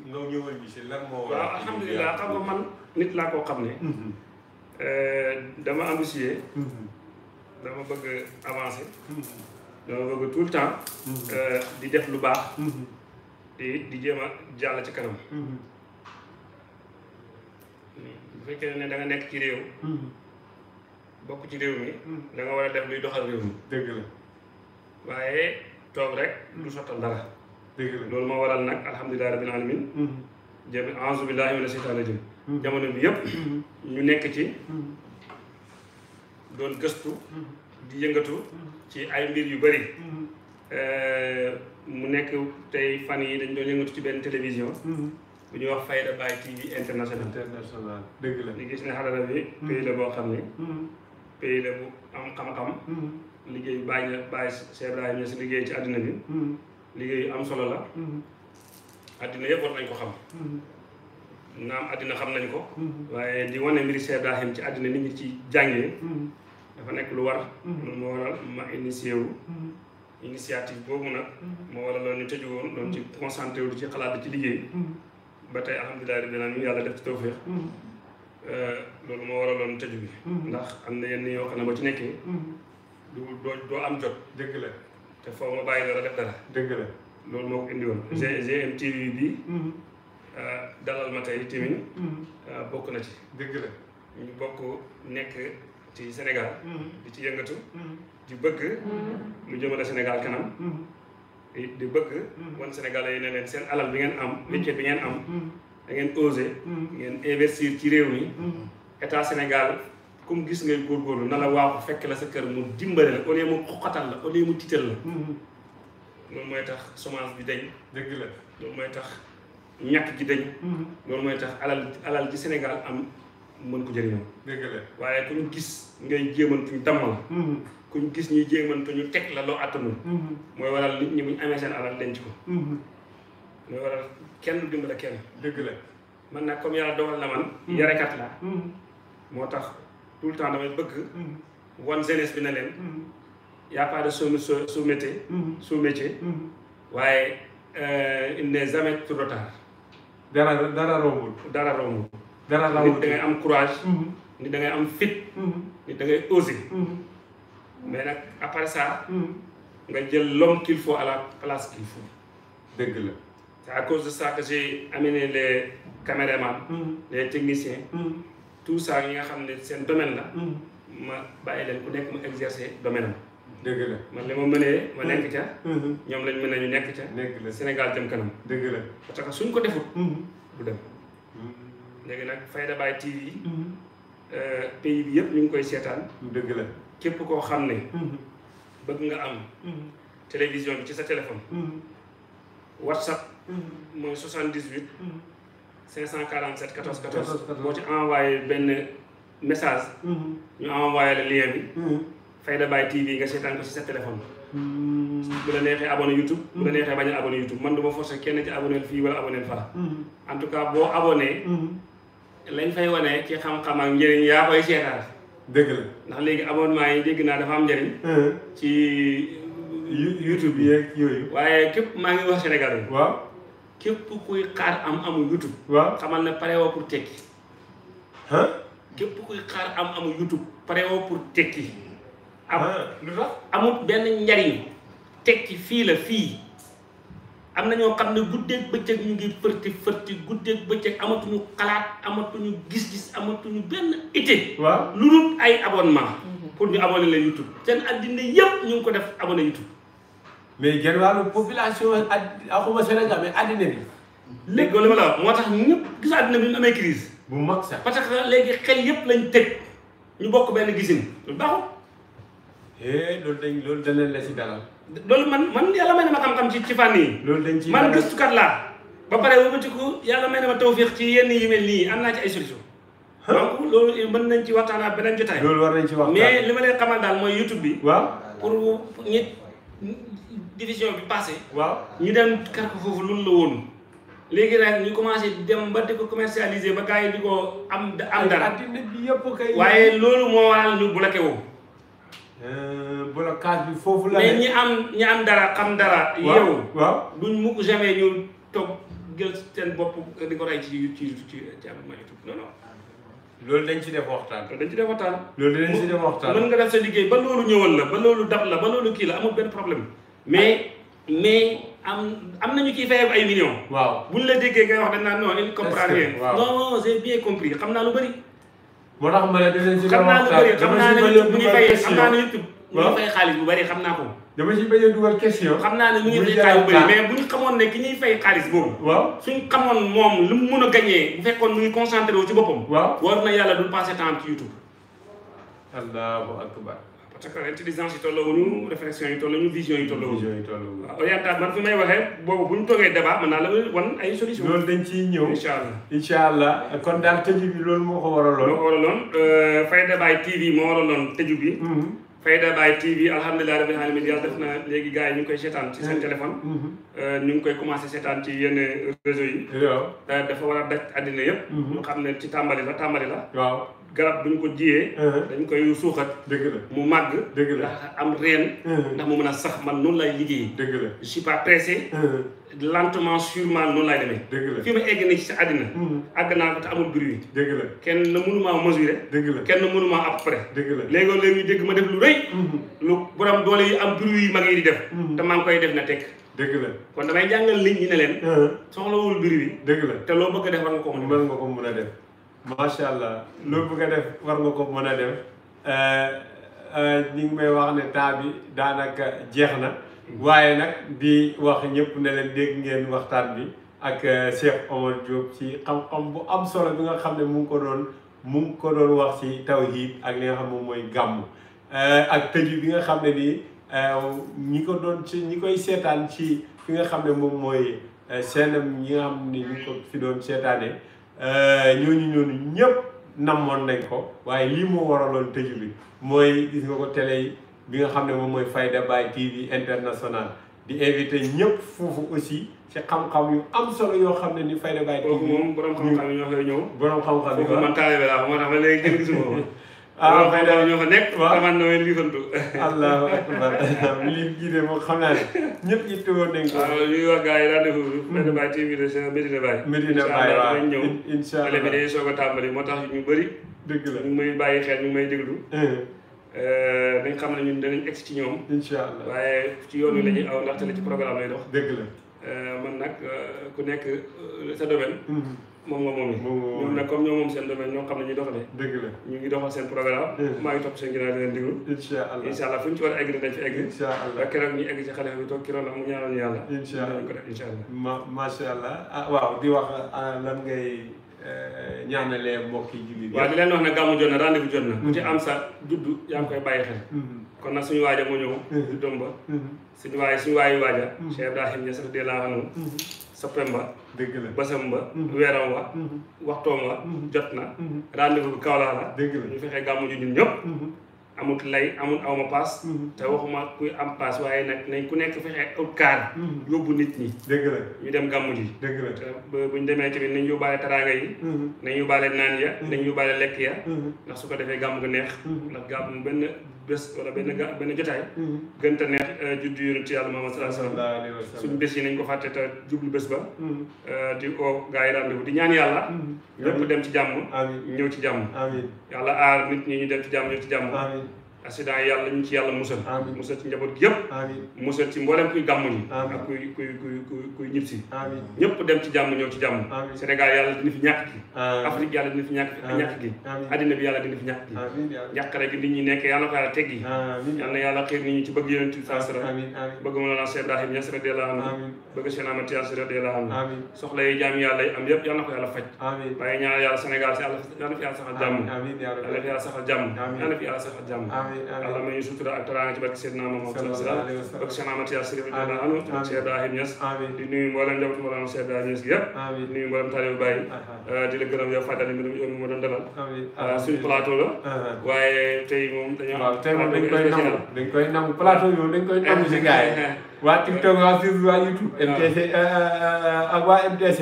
nga ñëwal ñu si lan moo waaw man nit laa koo xam ne mm-hmm. dama ambitieux mm-hmm. dama bëgg avancé mm-hmm. dama bëgg tout le temps di def lu baax te di jéem a jàll ci kanam bu fekkee ne da nga nekk ci réew. Hmm. bokk ci réew mi. Hmm. da nga war a def luy doxal réew mi. dëgg la waaye toog rek du sottal dara. loolu moo waral nag alhamdulilah rabbil alamin. jëm hmm. jamono bi yëpp. ñu nekk ci. doon gëstu. di yëngatu. ci ay mbir yu bari. Euh, mu nekk tey fan yi dañ doon yëngatu ci benn télévision. bu ñuy wax Fayda Baye TV international. international dëgg la. li gis ne xarala bi. Hmm. pays la boo xam ne. Hmm. pays bu am xam-xam. Hmm. liggéey bàyyi na bàyyi Cheikh Ibrahima Niass liggéey ci àddina bi. liggéey yu am solo la. àddina yëpp wax nañ ko xam. naam àddina xam nañ ko. waaye di wane mbiri Cheikh Ibrahim ci àddina nit ñi ci jàngee. dafa nekk lu war. moo ma initié wu. initiative boobu nag. moo waraloon ñu tëju woon doon ci concentré wu ci xalaat ci liggéey. ba tey alhamdulilah rabbil alamin yàlla def ci tawféex mm-hmm. euh, loolu moo waraloon tëju bi mm-hmm. ndax am na yenn yoo xam ne ci nekkee mm-hmm. du doo doo am jot dëgg la te foo ma bàyyi dara def dara dëgg la loolu moo ko indi woon GMTV bi euh, dalal ma tey tamit euh, bokk na ci dëgg la ñu bokk nekk ci Sénégal di ci yëngatu di bëgg lu jëmale Sénégal kanam di bëgg. Hmm. wan Sénégalais yi ne leen seen alal bi ngeen am. Hmm. métier bi ngeen am. Hmm. da ngeen ngeen investir ci réew mi. état Sénégal comme gis ngay góorgóorlu na la waaw fekk la sa kër mu dimbale la au lieu mu xoqatal la au lieu mu tiital la. loolu mooy tax semence bi dañ. dëgg la loolu mooy tax ñàkk gi dañ. loolu mooy tax alal alal ji Sénégal am man ko jëriñoo. dëgg waaye ku ñu gis ngay jéemantuñ damm la. kuñ gis ñuy jéemantu ñu teg la loo attanul mm-hmm. mooy waral nit ñi buñ amee seen alal denc ko mm-hmm. mooy waral kenn dimbale kenn dëgg la man nag comme yàlla dogal na man mm-hmm. yarekat la moo tax tout le temps damay bëgg wan jeunesse bi na leen y a pas de sous sous métier sous métier waaye euh, il n'est jamais trop tard dara dara rombul dara rombul dara rombul nit da ngay am courage nit da ngay am fit nit da ngay oser mais nag après ça. Hmm. nga jël l'homme qu'il faut à la place qu'il dëgg la. c'est à cause de ça que j'ai amené les caméramans. Hmm. les techniciens. Hmm. tout ça ñi nga xam ne seen domaine la. ma bàyyi leen ku nekk mu exercer domaine am. dëgg la man li ma mënee ma nekk ca. ñoom lañ mën a ñu nekk ca. dëgg la Sénégal jëm kanam. dëgg la parce que suñ ko defut. du dem. léegi nag Fayda Baye TV. Euh, pays bi yëpp ñu ngi koy seetaan. dëgg la. képp koo xam ne. Mhm. bëgg nga am. Mhm. télévision bi ci sa téléphone. Mhm. whatsapp. mooy 78. 547 14 14. boo ci envoyé benn message. ñu envoyé la lien bi. Fayda Baye TV nga seetaan ko ci sa téléphone. bu la neexee abonné YouTube. bu la neexee bañ a YouTube man du ma kenn ci abonné fii wala abonné fa. en tout cas boo abonné. lañ fay wane ci xam-xam ak yaa koy seetaan. dëgg la ndax léegi amoon maa yi dégg naa dafa am njëriñ. Hmm. ci YouTube yeeg yooyu. waaye képp maa ngi wax Sénégal yi. waaw képp kuy xaar am amul YouTube. waaw xamal ne pare woo pour tekki. ah. képp kuy xaar am amul YouTube pare pour tekki. am lu tax amul benn njariñ tekki fii la fii. am na ñoo xam ne guddeeg bëccëg ñu ngi fërti fërti guddeeg bëccëg amatuñu xalaat amatuñu gis-gis amatuñu benn idée. waaw lu dul ay abonnement mhm. pour ñu abonné la YouTube. seen addina yëpp ñu ngi ko def abonné YouTube. mais genn wàllu population ak xuma Sénégal mais addina bi. léegi loolu ma la wax moo tax ñëpp gis addina bi ñu amee crise bu mag sax parce que léegi xel yëpp lañ tëj ñu bokk benn gisin lu baaxul. eh loolu dañ loolu danañ la si dalal. loolu man man yàlla may na ma xam-xam ci ci fànn yi. loolu dañ ciy man gëstukat laa. ba pare wëbatiku yàlla may na ma tawfiix ci yenn yu mel nii am naa ci ay solution. donc loolu mën nañ ci waxtaan ak beneen nañ ci waxtaan mais li ma leen xamal daal mooy YouTube bi. waaw pour ñi division bi passé. waaw ñu daan kàr ko foofu loolu la woon. léegi nag ñu commencé dem ba di ko commercialiser ba gars yi di ko am am dara. waaye loolu moo waral ñu bloqué woo. Euh, blocage bi foofu la. mais ñi am ñi am dara xam dara. yow waaw duñ mukk jamais ñu toog jël seen bopp di ko rey ci ci ci ci ma YouTube non non. loolu dañ ci def waxtaan. loolu dañ ci def waxtaan. loolu dañ ci def waxtaan. mën nga def sa liggéey loolu ñëwal la ba loolu dab la ba loolu kii la amul benn problème. mais mais am am nañu ciy fayam ay millions. waaw buñ la déggee ngay wax dañ naan non il comprend rien. non non j'ai bien compris xam naa lu bëri. moo tax ma ne dinañ si xam naa lu bëri xam naa ne mu ngi fay xam naa ne YouTube mu ngi fay xaalis bu bëri xam naa ko dama si bañ a naa ne mu ngi fay xaalis bu bëri mais bu ñu xamoon ne ki ñuy fay xaalis boobu waaw suñ xamoon moom lu mu mën a gañee bu fekkoon mu ngi concentré wu ci boppam waaw war na yàlla du passé temps ci YouTube allahu akbar parce que intelligence yi tolloowuñu réflexion yi tolloowuñu vision yi tolloowuñu. vision yi tolloowuñu waaw man fi may waxee boobu bu ñu toogee débat mën naa la wan ay solution loolu dañ ciy ñëw incha allah incha allah kon daal tëju bi loolu moo ko waraloon. moo ko waraloon euh, Fayda Baye TV moo waraloon tëju bi. Mm-hmm. Fayda Baye TV alhamdulilah rabbil alamin yàlla def na léegi gaa yi ñu ngi koy seetaan ci seen mm-hmm. téléphone. Mm-hmm. Euh, ñu ngi koy commencé seetaan ci yenn réseau yi. dafa war a daj àddina yëpp. ñu xam ne ci tàmbali la tàmbali la. garab buñ ko jiyee. dañ koy suuxat. dëgg la mu màgg. dëgg la am reen. ndax mu mën a sax man noonu lay liggéey. dëgg la je suis pas pressé. lentement sûrement noonu laay demee. dëgg la fi ma egg nii ci àddina. àgg naa ko te amul bruit. dëgg la kenn mënumaa mesurer. dëgg la kenn mënumaa à peu près. dëgg la léegoo léegi ñu dégg ma def lu rëy. lu borom doole yi am bruit yi mag yi di def. te maa koy def na tekk. dëgg la kon damay jàngal nit ñi ne leen. soxlawul bruit bi. dëgg la te loo bëgg a def war nga ko mën a def. macha allah loolu bu ko def war nga ko mën a def eh, eh, ñu ngi may wax ne temps bi daanaka jeex na waaye nag di wax ñëpp ne leen dégg ngeen waxtaan bi ak eh, Cheikh Omar Diop ci xam-xam bu am solo bi nga xam ne mu ngi ko doon mu ngi ko doon wax ci tawhid ak li nga xam moom mooy gàmm ak tëju bi nga xam ne nii ñi ko doon ci ñi koy seetaan ci fi nga xam ne moom mooy seenam ñi nga xam ne ñu ko fi doon seetaanee Euh, ñooñu ñooñu ñëpp namoon nañ ko waaye lii moo waraloon tëju bi mooy gis nga ko télé yi bi nga xam ne moom mooy Fayda Baye TV international di invité ñëpp foofu aussi ci xam-xam yu am solo yoo xam ne ni Fayda Baye. TV moom borom xam-xam yi ñoo koy ñëw. borom xam-xam yi man taalibe laa ma léegi kenn gisuma ah fay daal ñoo na leen liifantu. allahu xam naa ne ñëpp it woon nañ ko. waaw ah, ñuy wax gars yi mm-hmm. allah télé bi moo tax ñu bari dëgg la ñu ngi may bàyyi xel ñu ngi may déglu. Uh-huh. Euh, dañ xam ne ñu danañ egg ci ñoom. incha allah waaye ci yoon wi la mm-hmm. aw ndaxte la ci programme lay dox. dëgg la euh, man nag euh, ku nekk sa domaine. Mm-hmm. moom nga moom yi ñoom nag comme ñoo moom seen domaine ñoo xam ne ñu doxale dëgg ñu ngi doxal seen programme maa ngi topp seen ginnaaw di leen diglu incha allah fu ñu ci war a egg dañ fi egg incha allah keroog ñu egg ci xalifa bi toog kiroon mu ñaanal ñu yàlla incha allah ko def incha ah, ah, eh, leen wax ne gàmmu jot na rendez-vous jot na ku ci mm-hmm. am sa judd yaa ngi koy bàyyi xel mm-hmm. kon nag suñu waaja moo ñëw juddom mm-hmm. ba suñu waay suñu waayu waaja Cheikh Ibrahim Niass radiyallahu anhu Septembre dëgg la bësam ba. Mhm. weeram wa. Mhm. waxtoom wa. Mhm. jot na. rendez-vous bi Kaolack la. dëgg la ñu fexe gàmmu ji ñun ñëpp. amut lay amul aw ma paas. te waxuma kuy am paas waaye nag nañ ku nekk fexee ut kaar. yóbbu nit ñi. dëgg la ñu dem gàmmu ji. dëgg te bu ñu demee tamit nañ yóbbaale taraanga yi. nañ yóbbaale naan ya. nañ yóbbaale lekk ya. ndax su ko defee gàmmu gu neex. ndax gàmmu benn. bés wala benn mhm. ga benn jotaay. Mhm. gën te neex euh, juddu yonent yàlla Muhammad sallallahu alayhi wa sallam suñu bés yi nañ ko fàtte te jublu bés ba. Mhm. Euh, di oo gaa yi rendez-vous di ñaan yàlla. ñëpp dem ci jàmm. ñëw ci jàmm. yàlla aar nit ñi ñu dem ci jàmm ñëw ci jàmm. accident yàlla ñu ci yàlla musal musal ci njaboot gi yëpp musal ci mboolem kuy gàmm ñi ak kuy kuy kuy kuy kuy dem ci jàmm ñëw ci jàmm Sénégal yàlla dina fi ñàkk gi Afrique yàlla dina fi ñàkk ñàkk gi addina bi yàlla nekk yàlla ko yàlla teg gi yàlla na yàlla xiir nit ñi ci bëgg yonent bi saasara bëgg Mawlana Cheikh Ibrahim Niass radiyallahu jàmm yàlla fi yàlla jàmm yàlla fi yàlla jàmm yàlla may ñu sutura ak teraanga ci barke Seydina Muhammad sallallahu alayhi wa sallam barke Seydina Mathias Sëriñ Diourna Anu ak Cheikh Ibrahim Niass di nuyu mboolem njabootu mboolem Cheikh Ibrahim Niass gi yëpp di mboolem taalibu Baye eh, di la gërëm yow fàttali mi yow mi ma doon dalal suñu plateau la waaye tey moom dañ koy nangu plateau yooyu dañ koy nangu si gars waa TikTok waa Facebook waa YouTube. MTC waa MTC.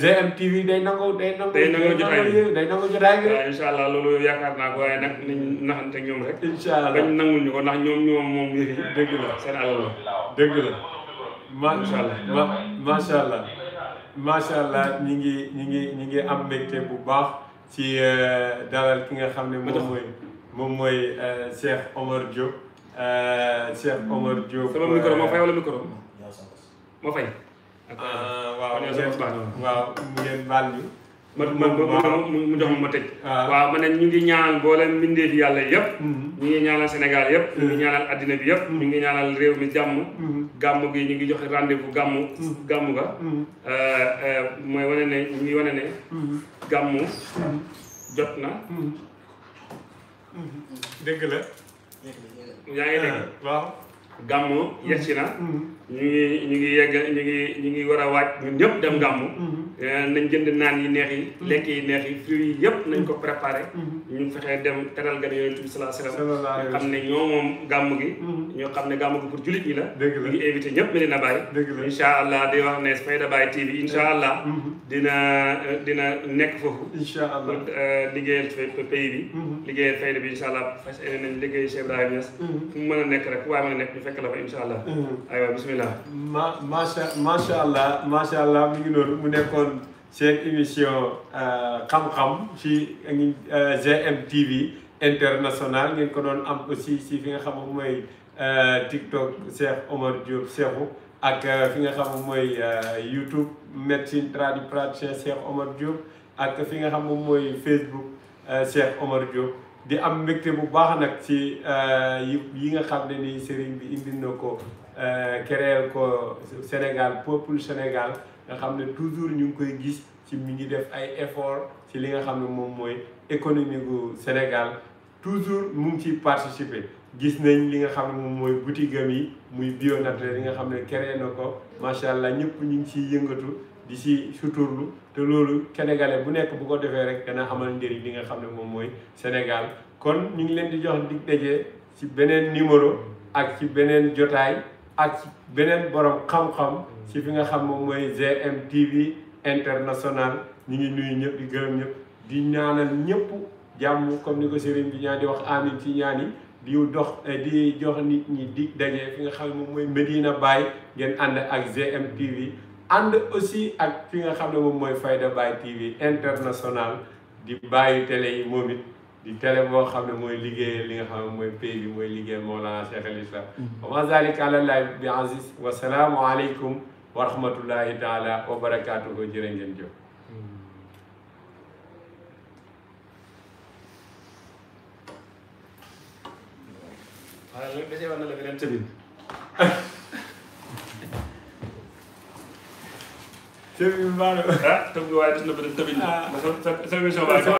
GMTV day nangu day nangu. day nangu jotaay bi day nangu jotaay bi. waaw ah, incha allah loolu yaakaar naa ko waaye nag nañu naxante ñoom rek. incha allah bañ nangul ñu ko ndax ñoom ñoom moom yëf yi. dëgg la seen alal dëgg la macha allah macha allah macha ñi ngi ñu ngi ñu ngi am mbégte bu baax ci eh, dalal ki nga xam ne moom mooy moom mooy eh, Cheikh Omar Cheikh Omar Diop. sama micro moo fay wala micro moo fay. mu jox ma tëj. Eh, waaw ma ne ñu ngi ñaanal mboolem mbindeef yàlla yëpp. Mm-hmm. ñu ngi ñaanal Sénégal yëpp. ñu ngi mm-hmm. ñaanal addina bi yëpp. ñu ngi ñaanal réew mi jàmm. Mm-hmm. gàmm gi ñu ngi joxe rendez-vous gàmm. gàmm ga. Eh, eh, mooy wane ne ñu ngi wane ne. gàmm jot na. dëgg la. yaa ngi dégg ah. waaw gàmmu yegsi na mm-hmm. ñu ngi ñu ngi yegg ñu ngi ñu ngi war a waaj ñun ñëpp dem gàmmu mm-hmm. Euh, nañ jënd naan yi neex yi lekk yi neex yi fruits yi yëpp nañ ko préparé mhm. ñu fexee dem teral gan yonent bi salaa salaam mhm. ñoo xam ne gàmm gi pour la ñu ngi ñëpp mi dina bàyyi incha allah di wax ne Fayda Baye TV incha allah mhm. dina dina nekk foofu incha allah euh, liggéeyal pays bi liggéeyal fayda bi incha allah fas yéene nañ liggéey Cheikh Ibrahima Niass mu mën a nekk rek fu waaye mën a nekk ñu fekk la fa incha allah aywa ma ngi noonu mu nekkoon seen émission euh, xam-xam ci GMTV euh, international ngeen ko doon am aussi ci fi nga xam moom mooy euh, TikTok Cheikh Omar Diop Cheikhou ak fi nga xam mooy YouTube médecine tradipraticien Cheikh Omar Diop ak fi nga xam moom mooy Facebook Cheikh Omar Diop di am mbégte bu baax nag ci yi nga xam ne ni sëriñ bi indi na ko créer ko Sénégal peuple Sénégal nga xam ne toujours ñu ngi koy gis ci mi ngi def ay effort ci li nga xam ne moom mooy économie gu Sénégal toujours mu ngi ciy participer gis nañ li nga xam ne moom mooy boutique am yi muy bio naturel yi nga xam ne créé na ko macha allah ñëpp ñu ngi ciy yëngatu di si suturlu te loolu sénégalais bu nekk bu ko defee rek dana amal njëriñ li nga xam ne moom mooy Sénégal kon ñu ngi leen di jox dig daje ci beneen numéro ak ci beneen jotaay ak ci beneen borom xam ci fi nga xam moom mooy GMTV international ñu ngi nuyu ñëpp di gërëm ñëpp di ñaanal ñëpp jàmm comme ni ko sëriñ bi ñaan di wax amin ci ñaan yi di dox eh, di jox nit ñi di daje fi nga xam moom mooy Medina Baye ngeen ànd ak GMTV ànd aussi ak fi nga xam ne moom mooy Fayda Baye TV international di bàyyi tele yi moom it di télé boo xam ne mooy liggéeyal li nga xam ne mooy pays bi mooy liggéeyal Mawlana Cheikh al Islam mm-hmm. wa ma zalika ala llahi bi aziz wa salaamu wa taala wa barakaatuhu jërë ngeen jëf waaw loolu dese woon na la beneen sëbin sëbin na ah tëb bi waaye des na beneen sëbin. ah sa sa sa émission